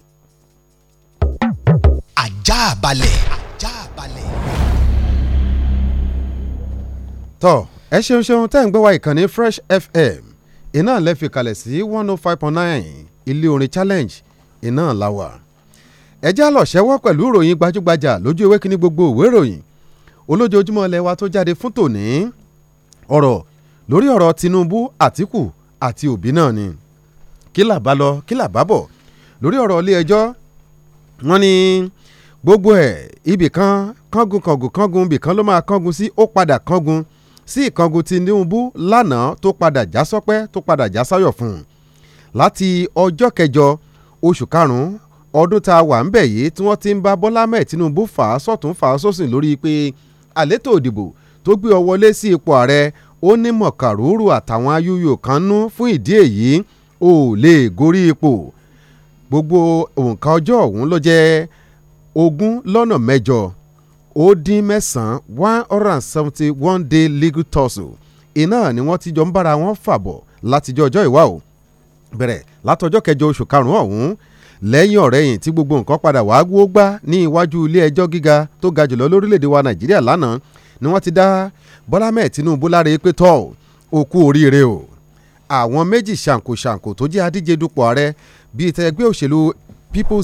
ajá balẹ̀. ajá balẹ̀. tọ́ ẹ ṣeun ṣeun tẹ́ ń gbé wa ìkànnì fresh fm iná lẹ́ fi kalẹ̀ sí one oh five point nine ilé orin challenge iná la wà. ẹ já lọ ṣẹ́wọ́ pẹ̀lú ìròyìn gbajúgbajà lójú ewé kíní gbogbo ìwé ìròyìn olójoojúmọ́ ilẹ̀ wa tó jáde fún tòní ọ̀rọ̀ lórí ọ̀rọ̀ Tinubu Àtíkù àti Òbí náà ni kí làbá lọ kí làbá bọ̀ lórí ọ̀rọ̀ ilé ẹjọ́ wọ́n ní gbogbo ẹ̀ ibìkan kángun kángun kángun ibìkan ló máa kángun sí ó padà kángun sí ìkángun ti Tinubu lánàá tó padà já sọ́pẹ́ tó padà já sáyọ̀ fún un láti ọjọ́ kẹjọ oṣù karùn-ún ọdún tá a wà ń bẹ̀ yìí tí wọ́n ti ń bá Bọ́lá mẹ́ẹ̀ Tinubu fà á sọ̀tún fà á sósìn lórí pé àlétò òdìbò tó gbé ọ wọlé sí ipò ààrẹ ó ní mọ̀kàrúurú àtàwọn ayúyọ kan nú fún ìdí èyí ò lè gorí ipò gbogbo òǹkà ọjọ́ ọ̀hún ló jẹ́ ogún lọ́nà mẹ́jọ ó dín mẹ́sàn-án one hundred and seventy one day legal tussle iná ni wọ́n ti jọ ń bára wọn fà bọ̀ látijọ́ ọjọ́ ìwá o bẹ̀rẹ̀ látọjọ́ kẹjọ oṣù karùn-ún ọ̀hún lẹ́yìn ọ̀rẹ́yìn tí gbogbo nǹkan padà wàá wó gbá ní iwájú ilé ẹjọ́ gíga tó ga jùlọ lórílẹ̀‐èdè wa nàìjíríà lánàá ni wọ́n ti dá bọ́lá mẹ́ẹ̀ tinubu láre pé tọ́ òkú oríire o àwọn méjì ṣàǹkóṣàǹkó tó jẹ́ adíje dupò ààrẹ bíi tẹgbẹ́ òṣèlú people's